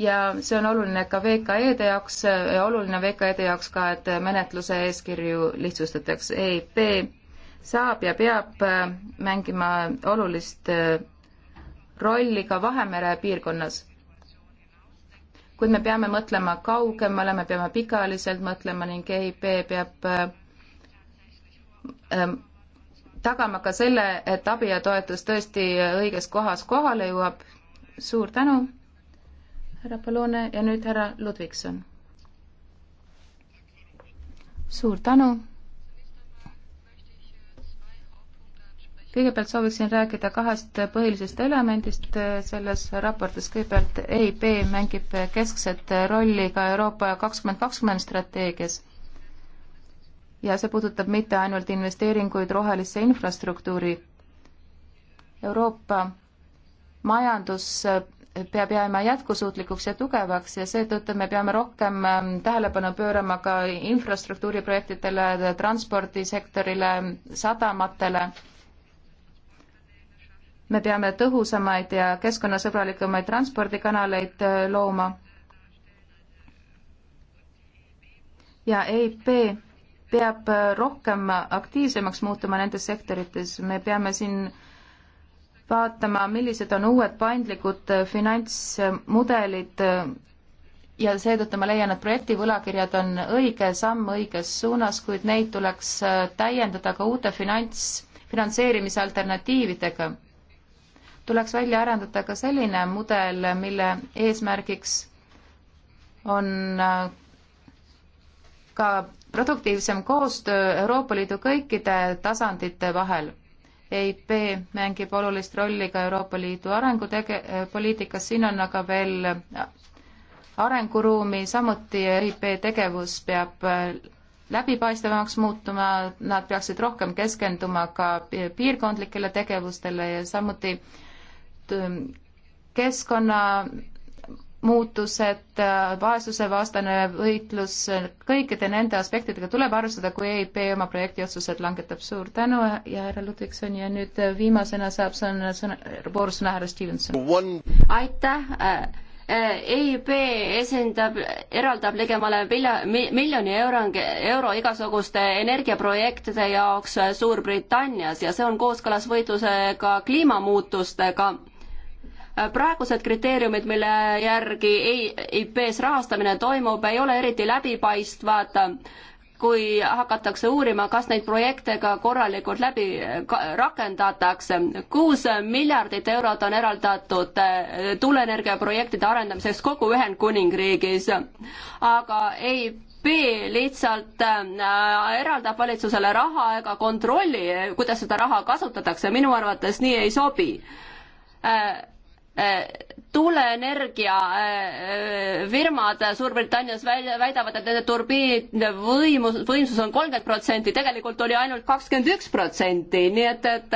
ja see on oluline ka VKE-de jaoks ja oluline VKE-de jaoks ka, et menetluse eeskirju lihtsustatakse. EIP saab ja peab äh, mängima olulist äh, rolli ka Vahemere piirkonnas. kuid me peame mõtlema kaugemale, me peame pikaajaliselt mõtlema ning EIP peab äh, tagama ka selle, et abi ja toetus tõesti õiges kohas kohale jõuab. suur tänu härra Palone ja nüüd härra Ludvigson. suur tänu. kõigepealt sooviksin rääkida kahest põhilisest elemendist eh, selles raportis. kõigepealt EIB mängib keskset rolli ka Euroopa kakskümmend kakskümmend strateegias ja see puudutab mitte ainult investeeringuid rohelisse infrastruktuuri. Euroopa majandus peab jääma jätkusuutlikuks ja tugevaks ja seetõttu me peame rohkem ähm, tähelepanu pöörama ka infrastruktuuriprojektidele, transpordisektorile, sadamatele. me peame tõhusamaid ja keskkonnasõbralikumaid transpordikanaleid äh, looma. ja EIP peab äh, rohkem aktiivsemaks muutuma nendes sektorites, me peame siin vaatama, millised on uued paindlikud äh, finantsmudelid äh, ja seetõttu ma leian, et projektivõlakirjad on õige samm õiges suunas, kuid neid tuleks äh, täiendada ka uute finants, finantseerimise alternatiividega. tuleks välja arendada ka selline mudel, mille eesmärgiks on ka produktiivsem koostöö Euroopa Liidu kõikide tasandite vahel EIP mängib olulist rolli ka Euroopa Liidu arengupoliitikas, siin on aga veel arenguruumi, samuti EIP tegevus peab äh, läbipaistvamaks muutuma, nad peaksid rohkem keskenduma ka piirkondlikele tegevustele ja samuti keskkonna muutused, vaesusevastane võitlus, kõikide nende aspektidega tuleb arvestada, kui EIP oma projekti otsused langetab. suur tänu ja härra Ludvigson ja nüüd viimasena saab sõna, sõna, voorusõna härra Stevenson. aitäh. Äh, äh, EIB esindab, eraldab ligemale milja-, miljoni euro, euro igasuguste energiaprojektide jaoks Suurbritannias ja see on kooskõlas võitlusega kliimamuutustega praegused kriteeriumid, mille järgi EIP-s rahastamine toimub, ei ole eriti läbipaistvad, kui hakatakse uurima, kas neid projekte ka korralikult läbi rakendatakse. kuus miljardit eurot on eraldatud eh, tuuleenergiaprojektide arendamiseks kogu Ühendkuningriigis, aga ei B lihtsalt äh, eraldab valitsusele raha ega kontrolli, kuidas seda raha kasutatakse, minu arvates nii ei sobi äh, Äh, tuuleenergia äh, firmad Suurbritannias välja, väidavad, et nende turbiinide võimus, võimsus on kolmkümmend protsenti, tegelikult oli ainult kakskümmend üks protsenti, nii et, et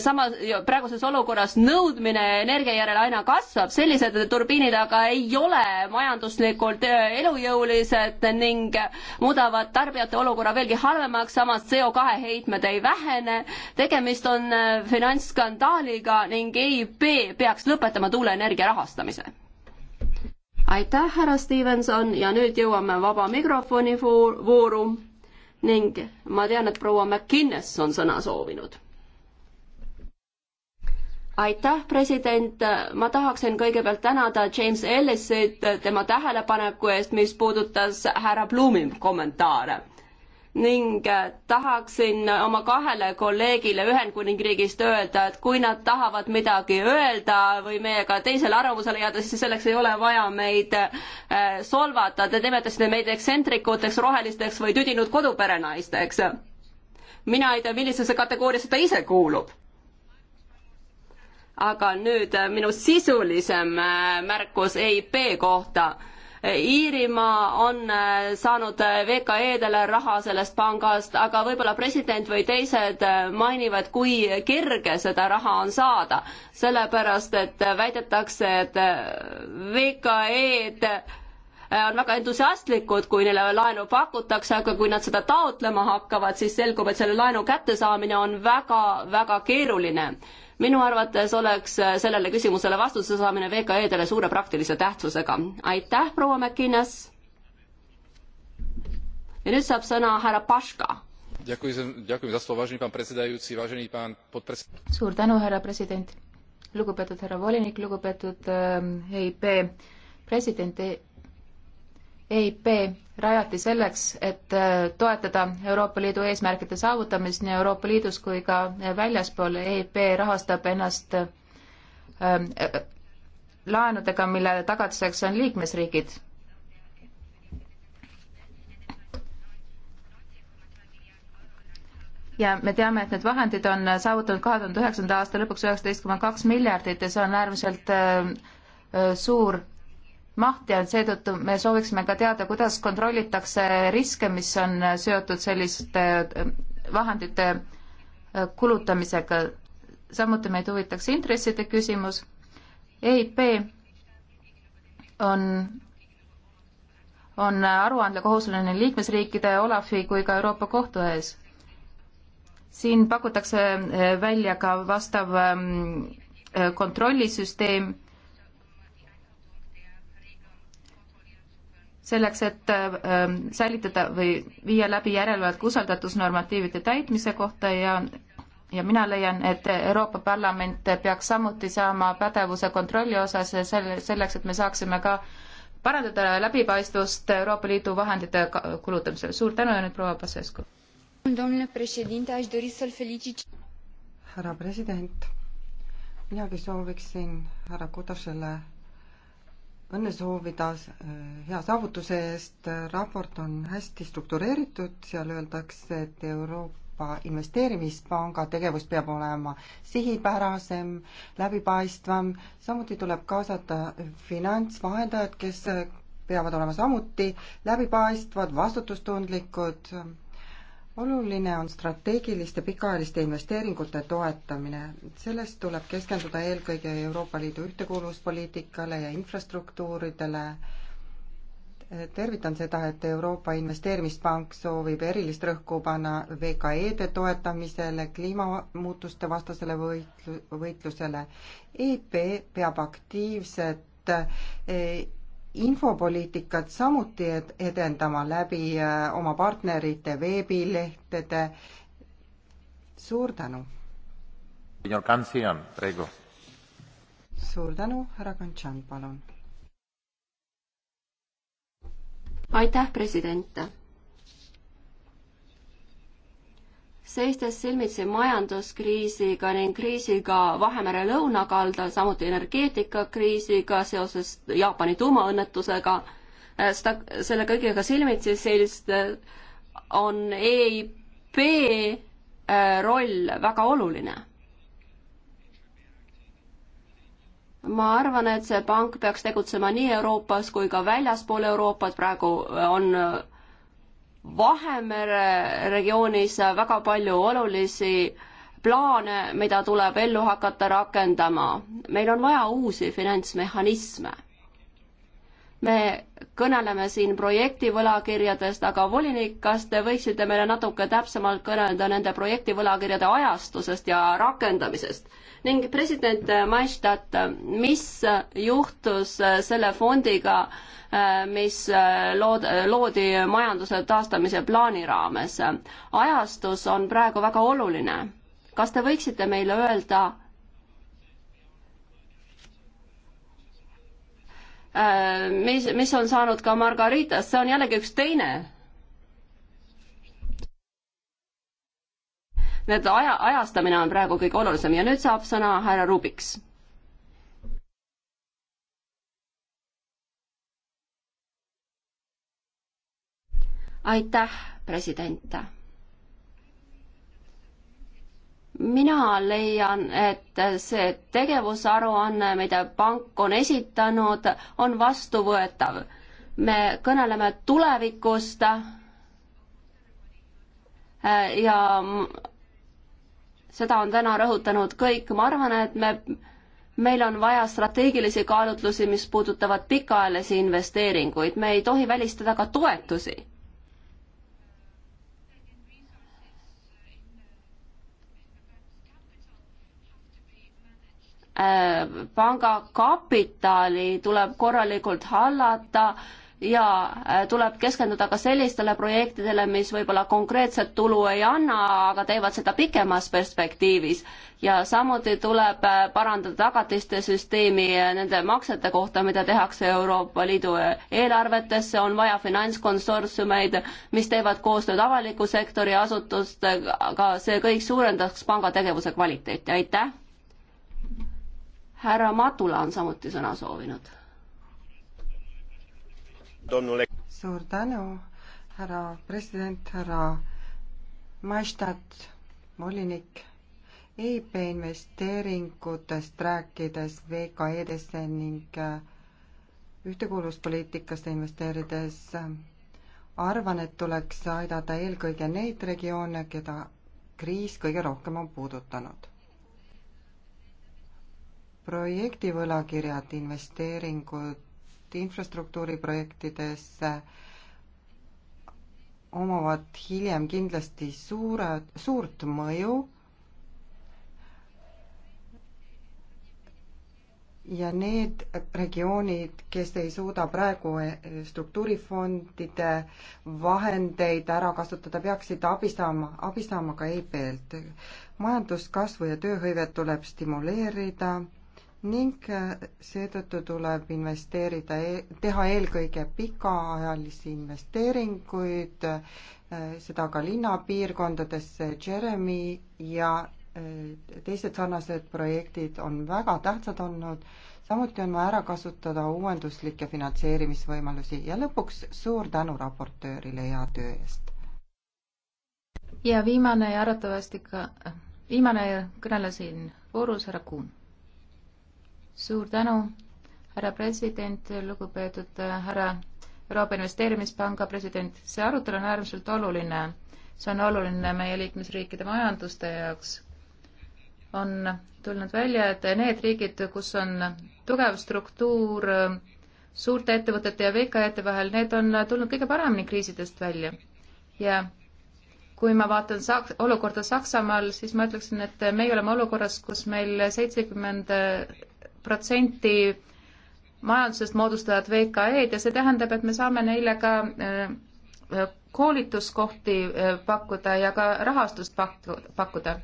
samas praeguses olukorras nõudmine energia järele aina kasvab, sellised turbiinid aga ei ole majanduslikult elujõulised ning muudavad tarbijate olukorra veelgi halvemaks, samas CO2 heitmed ei vähene. tegemist on finantsskandaaliga ning EIB peaks lõpetama tuuleenergia rahastamise. aitäh, härra Stevenson ja nüüd jõuame vaba mikrofoni vooru ning ma tean, et proua McInnes on sõna soovinud aitäh, president, ma tahaksin kõigepealt tänada James Ellisit tema tähelepaneku eest, mis puudutas härra Blumi kommentaare. ning äh, tahaksin oma kahele kolleegile Ühendkuningriigist öelda, et kui nad tahavad midagi öelda või meiega teisele arvamusele jääda, siis selleks ei ole vaja meid äh, solvata, te nimetasite meid ekstsentrikuteks, rohelisteks või tüdinud koduperenaisteks mina ei tea, millisesse kategooriasse ta ise kuulub aga nüüd äh, minu sisulisem äh, märkus EIP kohta. Iirimaa on äh, saanud VKE-dele raha sellest pangast, aga võib-olla president või teised mainivad, kui kerge seda raha on saada, sellepärast et väidetakse, et VKE-d on väga entusiastlikud, kui neile laenu pakutakse, aga kui nad seda taotlema hakkavad, siis selgub, et selle laenu kättesaamine on väga-väga keeruline minu arvates oleks äh, sellele küsimusele vastuse saamine VKE-dele suure praktilise tähtsusega. aitäh, proua Mäkines. ja nüüd saab sõna härra Paška. suur tänu, härra president. lugupeetud härra volinik, lugupeetud ähm, EIP president e EIP rajati selleks, et äh, toetada Euroopa Liidu eesmärkide saavutamist nii Euroopa Liidus kui ka äh, väljaspool. EIP rahastab ennast äh, laenudega, mille tagatiseks on liikmesriigid ja me teame, et need vahendid on saavutanud kahe tuhande üheksanda aasta lõpuks üheksateist koma kaks miljardit ja see on äärmiselt suur maht ja seetõttu me sooviksime ka teada, kuidas kontrollitakse riske, mis on seotud selliste äh, vahendite äh, kulutamisega. samuti meid huvitaks intresside küsimus. EIP on, on aruandekohuslane liikmesriikide, Olafi kui ka Euroopa Kohtu ees siin pakutakse äh, välja ka vastav ähm, kontrollisüsteem selleks, et ähm, säilitada või viia läbi järelevalvet usaldatusnormatiivide täitmise kohta ja ja mina leian, et Euroopa Parlament peaks samuti saama pädevuse kontrolli osas selle, selleks, et me saaksime ka parandada läbipaistvust Euroopa Liidu vahendite kulutamisel. suur tänu ja nüüd proua Pasescu. härra president, minagi sooviksin härra Kudasele õnne soovida äh, hea saavutuse eest. raport on hästi struktureeritud, seal öeldakse, et Euroopa Investeerimispanga tegevus peab olema sihipärasem, läbipaistvam, samuti tuleb kaasata finantsvahendajad, kes peavad olema samuti läbipaistvad, vastutustundlikud oluline on strateegiliste pikaajaliste investeeringute toetamine. sellest tuleb keskenduda eelkõige Euroopa Liidu ühtekuuluvuspoliitikale ja infrastruktuuridele. tervitan seda, et Euroopa Investeerimispank soovib erilist rõhku panna VKE-de toetamisele, kliimamuutuste vastasele võitlu-, võitlusele. EP peab aktiivset eh, infopoliitikat samuti edendama läbi äh, oma partnerite veebilehtede. suur tänu. suur tänu, härra Kantšan, palun. aitäh, president seistes silmitsi majanduskriisiga ning kriisiga Vahemere lõunakaldal, samuti energeetikakriisiga seoses Jaapani tuumaõnnetusega, seda, selle kõigega silmitsi seista on EIP äh, roll väga oluline. ma arvan, et see pank peaks tegutsema nii Euroopas kui ka väljaspool Euroopat, praegu on Vahemere regioonis väga palju olulisi plaane, mida tuleb ellu hakata rakendama. meil on vaja uusi finantsmehhanisme. me kõneleme siin projekti võlakirjadest, aga volinik, kas te võiksite meile natuke täpsemalt kõnelda nende projekti võlakirjade ajastusest ja rakendamisest? ning president Maistat, mis juhtus selle fondiga, mis lood, loodi majanduse taastamise plaani raames? ajastus on praegu väga oluline. kas te võiksite meile öelda, mis, mis on saanud ka Margaritast, see on jällegi üks teine Need aja, ajastamine on praegu kõige olulisem ja nüüd saab sõna härra Rubiks. aitäh, president. mina leian, et see tegevusaruanne, mida pank on esitanud, on vastuvõetav. me kõneleme tulevikust äh, ja seda on täna rõhutanud kõik, ma arvan, et me, meil on vaja strateegilisi kaalutlusi, mis puudutavad pikaajalisi investeeringuid, me ei tohi välistada ka toetusi. Äh, panga kapitali tuleb korralikult hallata ja äh, tuleb keskenduda ka sellistele projektidele, mis võib-olla konkreetset tulu ei anna, aga teevad seda pikemas perspektiivis. ja samuti tuleb äh, parandada tagatiste süsteemi äh, nende maksete kohta, mida tehakse Euroopa Liidu eelarvetesse, on vaja finantskonsortsiumeid, mis teevad koostööd avaliku sektori asutustega, see kõik suurendaks panga tegevuse kvaliteeti, aitäh! härra Matula on samuti sõna soovinud suur tänu, härra president, härra Maistat, volinik. EIB investeeringutest rääkides VKE-desse ning äh, ühtekuuluvuspoliitikasse investeerides äh, arvan, et tuleks aidata eelkõige neid regioone, keda kriis kõige rohkem on puudutanud. projektivõlakirjad, investeeringud infrastruktuuriprojektidesse äh, omavad hiljem kindlasti suure, suurt mõju ja need regioonid, kes ei suuda praegu äh, struktuurifondide vahendeid ära kasutada, peaksid abi saama, abi saama ka EIB-lt. majanduskasvu ja tööhõivet tuleb stimuleerida ning äh, seetõttu tuleb investeerida, e-, teha eelkõige pikaajalisi investeeringuid, äh, seda ka linnapiirkondadesse, Jeremy ja äh, teised sarnased projektid on väga tähtsad olnud, samuti on vaja ära kasutada uuenduslikke finantseerimisvõimalusi ja lõpuks suur tänu raportöörile hea töö eest. ja viimane ja arvatavasti ka, viimane kõneleja siin voorus, härra Kuhn suur tänu, härra president, lugupeetud äh, härra Euroopa Investeerimispanga president. see arutelu on äärmiselt oluline. see on oluline meie liikmesriikide majanduste jaoks. on tulnud välja, et need riigid, kus on tugev struktuur suurte ettevõtete ja VKE-de vahel, need on tulnud kõige paremini kriisidest välja. ja kui ma vaatan Saks-, olukorda Saksamaal, siis ma ütleksin, et meie oleme olukorras, kus meil seitsekümmend 70 protsenti majandusest moodustavad VKE-d ja see tähendab, et me saame neile ka äh, äh, koolituskohti äh, pakkuda ja ka rahastust pakkuda.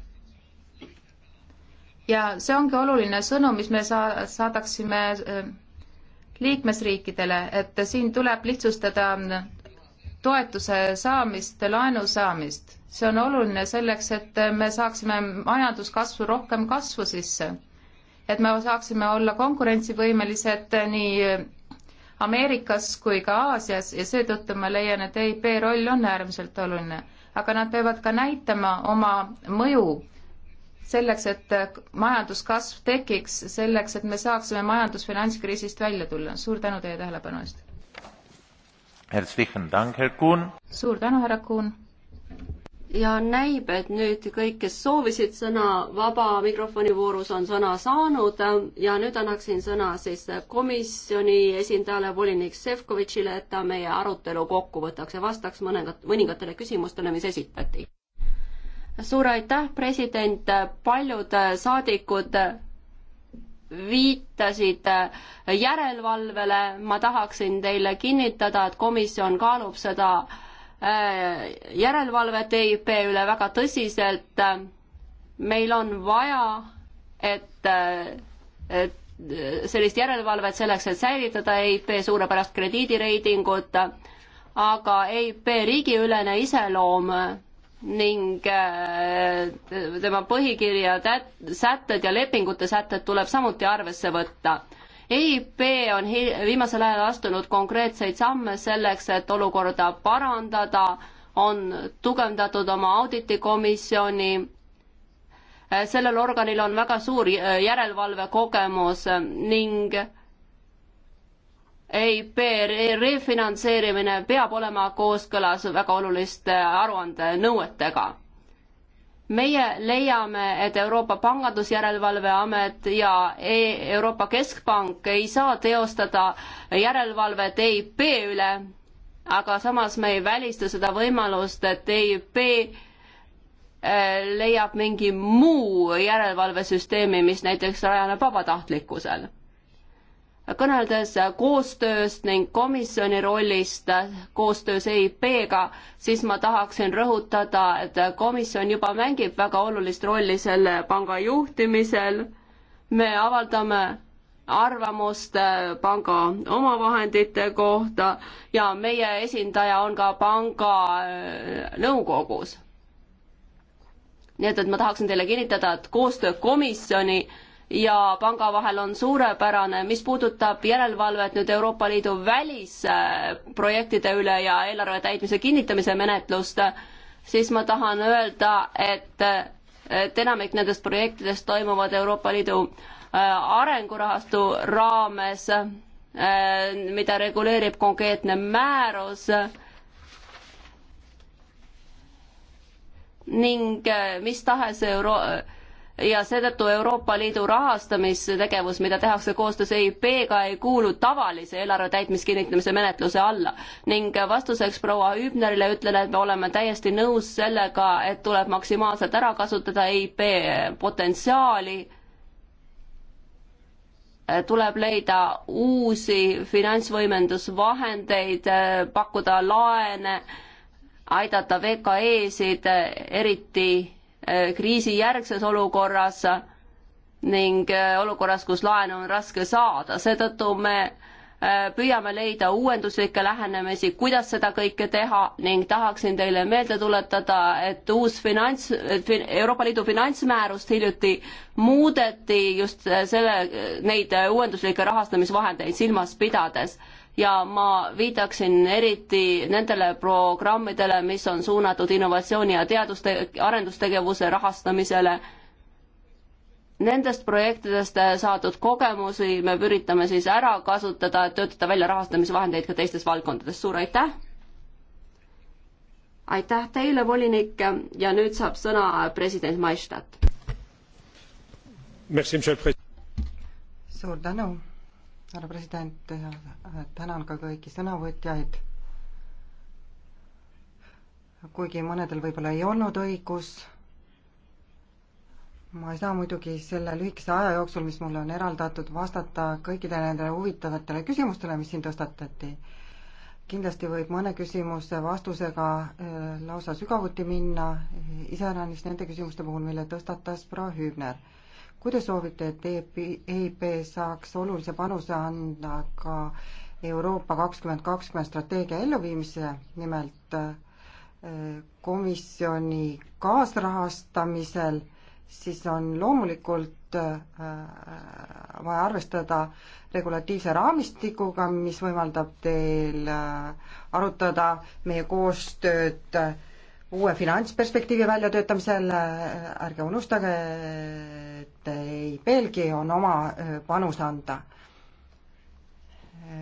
ja see ongi oluline sõnum, mis me saa-, saadaksime liikmesriikidele, et siin tuleb lihtsustada toetuse saamist, laenu saamist. see on oluline selleks, et me saaksime majanduskasvu rohkem kasvu sisse et me saaksime olla konkurentsivõimelised nii Ameerikas kui ka Aasias ja seetõttu ma leian, et EIP roll on äärmiselt oluline. aga nad peavad ka näitama oma mõju selleks, et majanduskasv tekiks, selleks, et me saaksime majandusfinantskriisist välja tulla. suur tänu teie tähelepanu eest! suur tänu, härra Kuhn! ja näib, et nüüd kõik, kes soovisid sõna vaba mikrofoni voorus, on sõna saanud ja nüüd annaksin sõna siis komisjoni esindajale, volinik Sefkovitšile, et ta meie arutelu kokku võtaks ja vastaks mõningat, mõningatele küsimustele, mis esitati. suur aitäh, president, paljud saadikud viitasid järelevalvele, ma tahaksin teile kinnitada, et komisjon kaalub seda äh, Äh, järelevalvet EIP üle väga tõsiselt. meil on vaja, et, äh, et äh, sellist järelevalvet selleks, et säilitada EIP suurepärast krediidireitingut, aga EIP riigiülene iseloom ning tema põhikirja tät-, sätted ja lepingute sätted tuleb samuti arvesse võtta EIP on viimasel ajal astunud konkreetseid samme selleks, et olukorda parandada, on tugevdatud oma auditikomisjoni, äh, sellel organil on väga suur äh, järelevalvekogemus äh, ning EIP refinantseerimine peab olema kooskõlas väga oluliste aruandenõuetega meie leiame, et Euroopa Pangandusjärelevalveamet ja e- Euroopa Keskpank ei saa teostada järelevalvet EIP üle, aga samas me ei välista seda võimalust, et EIP äh, leiab mingi muu järelevalvesüsteemi, mis näiteks rajaneb vabatahtlikkusel kõneldes koostööst ning komisjoni rollist koostöös EIP-ga, siis ma tahaksin rõhutada, et komisjon juba mängib väga olulist rolli selle panga juhtimisel. me avaldame arvamust panga omavahendite kohta ja meie esindaja on ka panga äh, nõukogus. nii et, et ma tahaksin teile kinnitada, et koostöö komisjoni ja panga vahel on suurepärane. mis puudutab järelevalvet nüüd Euroopa Liidu välisprojektide üle ja eelarve täitmise kinnitamise menetlust, siis ma tahan öelda, et, et enamik nendest projektidest toimuvad Euroopa Liidu äh, arengurahastu raames, äh, mida reguleerib konkreetne määrus ning äh, mis tahes euro-, ja seetõttu Euroopa Liidu rahastamistegevus, mida tehakse koostöös EIP-ga, ei kuulu tavalise eelarve täitmiskinnitamise menetluse alla. ning vastuseks proua Hübnerile ütlen, et me oleme täiesti nõus sellega, et tuleb maksimaalselt ära kasutada EIP potentsiaali, tuleb leida uusi finantsvõimendusvahendeid, pakkuda laene, aidata VKE-sid, eriti Äh, kriisijärgses olukorras ning äh, olukorras, kus laenu on raske saada, seetõttu me äh, püüame leida uuenduslikke lähenemisi, kuidas seda kõike teha ning tahaksin teile meelde tuletada, et uus finants, Euroopa Liidu finantsmäärust hiljuti muudeti just selle, neid uuenduslikke rahastamisvahendeid silmas pidades ja ma viitaksin eriti nendele programmidele, mis on suunatud innovatsiooni ja teaduste, arendustegevuse rahastamisele. Nendest projektidest saadud kogemusi me üritame siis ära kasutada, et töötada välja rahastamisvahendeid ka teistes valdkondades. suur aitäh! aitäh teile, volinik, ja nüüd saab sõna president Maistat. suur tänu härra president, tänan ka kõiki sõnavõtjaid. kuigi mõnedel võib-olla ei olnud õigus, ma ei saa muidugi selle lühikese aja jooksul, mis mulle on eraldatud, vastata kõikidele nendele huvitavatele küsimustele, mis siin tõstatati. kindlasti võib mõne küsimuse vastusega eh, lausa sügavuti minna, iseäranis nende küsimuste puhul, mille tõstatas proua Hübner kui te soovite, et EIP e saaks olulise panuse anda ka Euroopa kakskümmend kakskümmend strateegia elluviimise, nimelt eh, komisjoni kaasrahastamisel, siis on loomulikult eh, vaja arvestada regulatiivse raamistikuga, mis võimaldab teil eh, arutada meie koostööd uue finantsperspektiivi väljatöötamisel, ärge unustage, et EIB-lgi on oma äh, panus anda.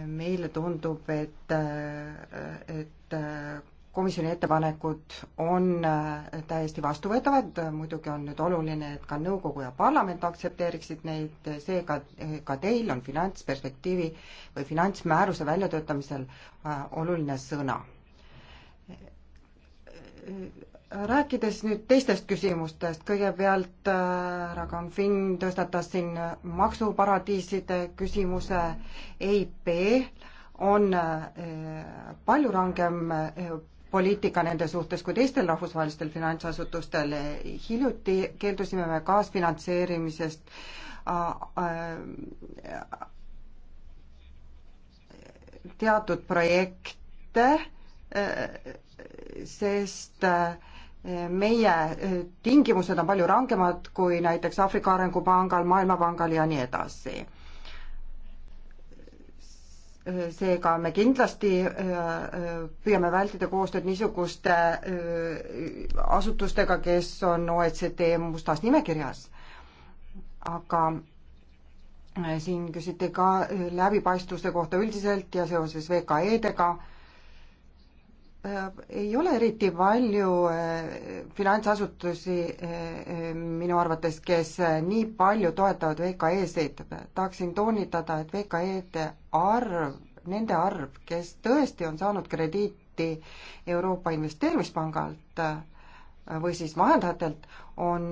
meile tundub, et, äh, et äh, komisjoni ettepanekud on täiesti vastuvõetavad, muidugi on nüüd oluline, et ka nõukogu ja parlament aktsepteeriksid neid, seega ka teil on finantsperspektiivi või finantsmääruse väljatöötamisel oluline sõna rääkides nüüd teistest küsimustest, kõigepealt äh, härra äh, Kanfin tõstatas siin maksuparadiiside küsimuse, EIP on äh, palju rangem äh, poliitika nende suhtes kui teistel rahvusvahelistel finantsasutustel, hiljuti keeldusime me kaasfinantseerimisest äh, äh, teatud projekte, sest eh, meie eh, tingimused on palju rangemad kui näiteks Aafrika Arengupangal, Maailmapangal ja nii edasi. seega me kindlasti eh, püüame vältida koostööd niisuguste asutustega, kes on OECD mustas nimekirjas. aga siin küsiti ka läbipaistvuse kohta üldiselt ja seoses VKE-dega Äh, ei ole eriti palju äh, finantsasutusi äh, minu arvates, kes nii palju toetavad VKE-sid. tahaksin toonitada, et VKE-de arv, nende arv, kes tõesti on saanud krediiti Euroopa Investeerimispangalt või siis vahendajatelt, on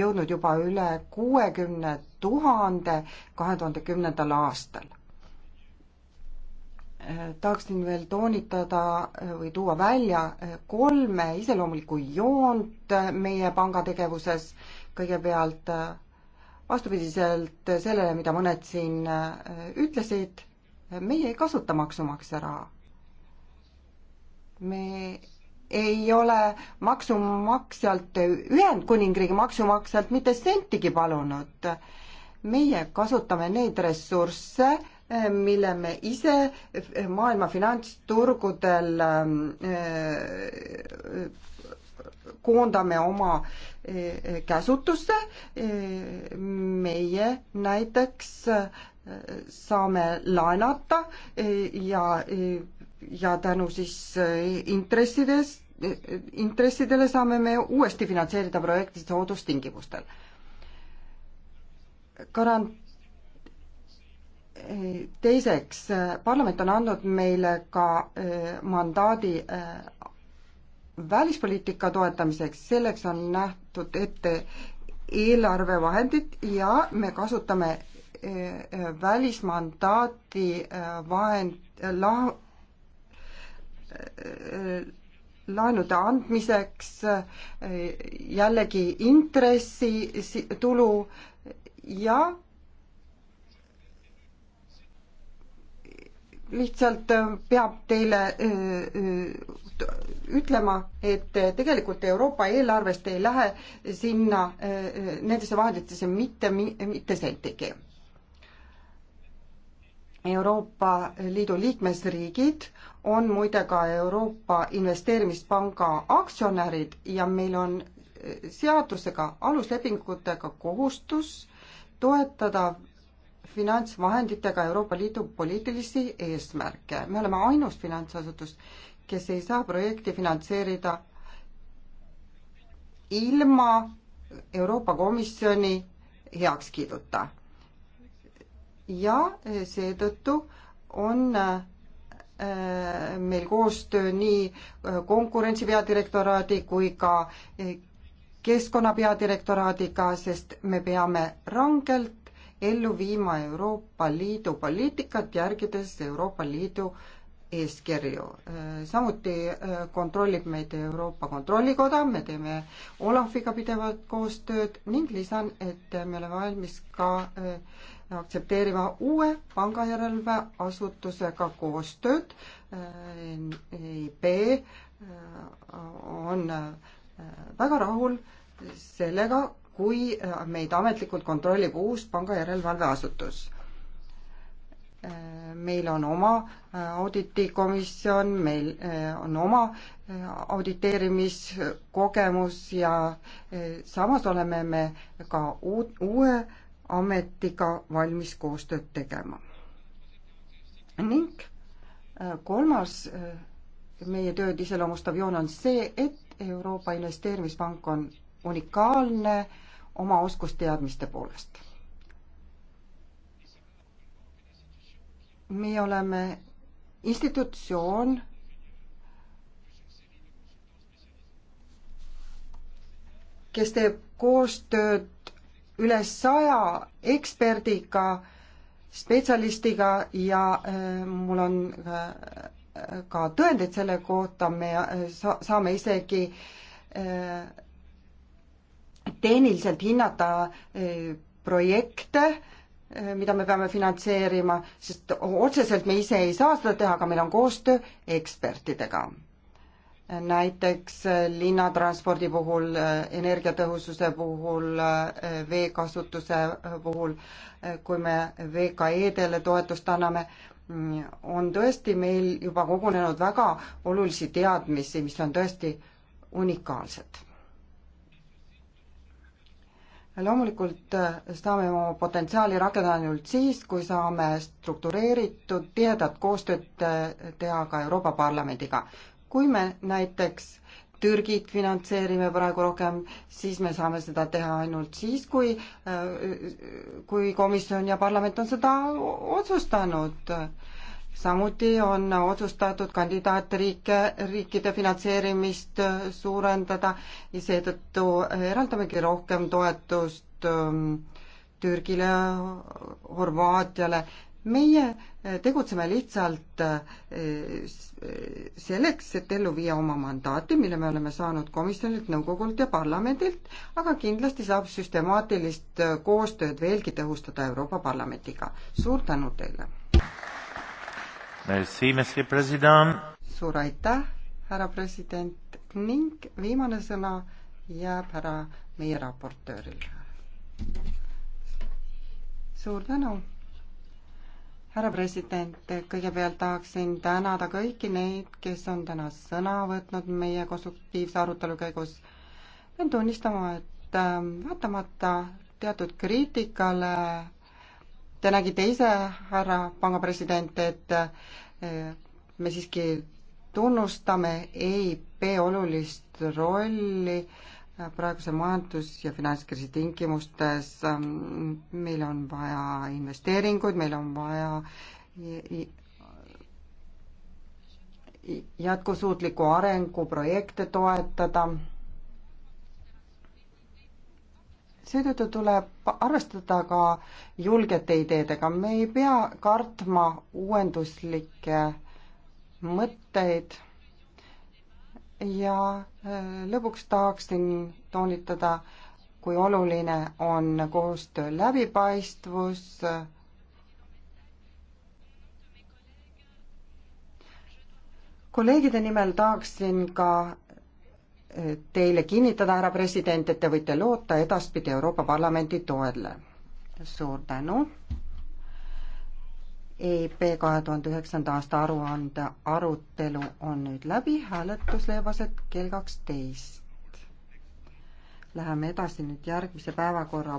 jõudnud juba üle kuuekümne tuhande kahe tuhande kümnendal aastal Äh, tahaksin veel toonitada äh, või tuua välja äh, kolme iseloomulikku joont meie panga tegevuses. kõigepealt vastupidiselt sellele, mida mõned siin ütlesid, meie ei kasuta maksumaksja raha. me ei ole maksumaksjalt, Ühendkuningriigi maksumaksjalt mitte sentigi palunud. meie kasutame neid ressursse, mille me ise maailma finantsturgudel ähm, äh, koondame oma äh, käsutusse. meie näiteks äh, saame laenata ja, ja tänu siis intressidest, intressidele saame me uuesti finantseerida projekti soodustingimustel. garant-, teiseks, parlament on andnud meile ka äh, mandaadi äh, välispoliitika toetamiseks, selleks on nähtud ette eelarvevahendid ja me kasutame äh, välismandaati vahend, la-, laenude andmiseks, jällegi intressi tulu ja lihtsalt äh, peab teile äh, äh, ütlema, et tegelikult Euroopa eelarvest ei lähe sinna nendesse vahenditesse mitte, mitte sentigi. Euroopa Liidu liikmesriigid on muide ka Euroopa Investeerimispanga aktsionärid ja meil on seadusega, aluslepingutega kohustus toetada finantsvahenditega Euroopa Liidu poliitilisi eesmärke. me oleme ainus finantsasutus, kes ei saa projekti finantseerida ilma Euroopa Komisjoni heakskiiduta. ja seetõttu on äh, meil koostöö nii äh, konkurentsi peadirektoraadi kui ka äh, keskkonna peadirektoraadiga, sest me peame rangelt ellu viima Euroopa Liidu poliitikat, järgides Euroopa Liidu eeskirju. samuti äh, kontrollib meid Euroopa Kontrollikoda, me teeme Olafiga pidevalt koostööd ning lisan, et me oleme valmis ka äh, aktsepteerima uue pangajärelevalveasutusega koostööd. Äh, EIB on väga rahul sellega, kui äh, meid ametlikult kontrollib uus pangajärelevalveasutus. Äh, meil on oma äh, auditikomisjon, meil on oma auditeerimiskogemus ja samas oleme me ka uut, uue ametiga valmis koostööd tegema. ning kolmas meie tööd iseloomustav joon on see, et Euroopa Investeerimispank on unikaalne oma oskusteadmiste poolest. me oleme institutsioon, kes teeb koostööd üle saja eksperdiga, spetsialistiga ja äh, mul on äh, ka tõendeid selle kohta, me äh, saame isegi tehniliselt hinnata e, projekte, e, mida me peame finantseerima, sest otseselt me ise ei saa seda teha, aga meil on koostöö ekspertidega. näiteks linnatranspordi puhul, e, energiatõhususe puhul, veekasutuse puhul, kui me VKE-dele toetust anname, on tõesti meil juba kogunenud väga olulisi teadmisi, mis on tõesti unikaalsed loomulikult äh, saame oma potentsiaali rakendada ainult siis, kui saame struktureeritud tihedat koostööd äh, teha ka Euroopa Parlamendiga. kui me näiteks Türgit finantseerime praegu rohkem, siis me saame seda teha ainult siis, kui, äh, kui komisjon ja parlament on seda otsustanud samuti on otsustatud kandidaatriike, riikide finantseerimist äh, suurendada ja seetõttu äh, eraldamegi rohkem toetust ähm, Türgile, Horvaatiale. meie äh, tegutseme lihtsalt selleks, et ellu viia oma mandaati, mille me oleme saanud komisjonilt, nõukogult ja parlamendilt, aga kindlasti saab süstemaatilist koostööd veelgi tõhustada Euroopa Parlamendiga. suur tänu teile! Merci, monsieur president. suur aitäh, härra president ning viimane sõna jääb ära meie raportöörile. suur tänu härra president, kõigepealt tahaksin tänada kõiki neid, kes on täna sõna võtnud meie konstruktiivse arutelu käigus. pean tunnistama, et äh, vaatamata teatud kriitikale Te nägite ise, härra panga president, et eh, me siiski tunnustame EIP olulist rolli eh, praeguse majandus- ja finantskriisi tingimustes. Mm, meil on vaja investeeringuid, meil on vaja jätkusuutliku arengu projekte toetada seetõttu tuleb arvestada ka julgete ideedega, me ei pea kartma uuenduslikke mõtteid ja äh, lõpuks tahaksin toonitada, kui oluline on koostöö läbipaistvus, kolleegide nimel tahaksin ka teile kinnitada, härra president, et te võite loota edaspidi Euroopa Parlamendi toele. suur tänu. EIP kahe tuhande üheksanda aasta aruande arutelu on nüüd läbi, hääletus leiab aset kell kaksteist. Läheme edasi nüüd järgmise päevakorra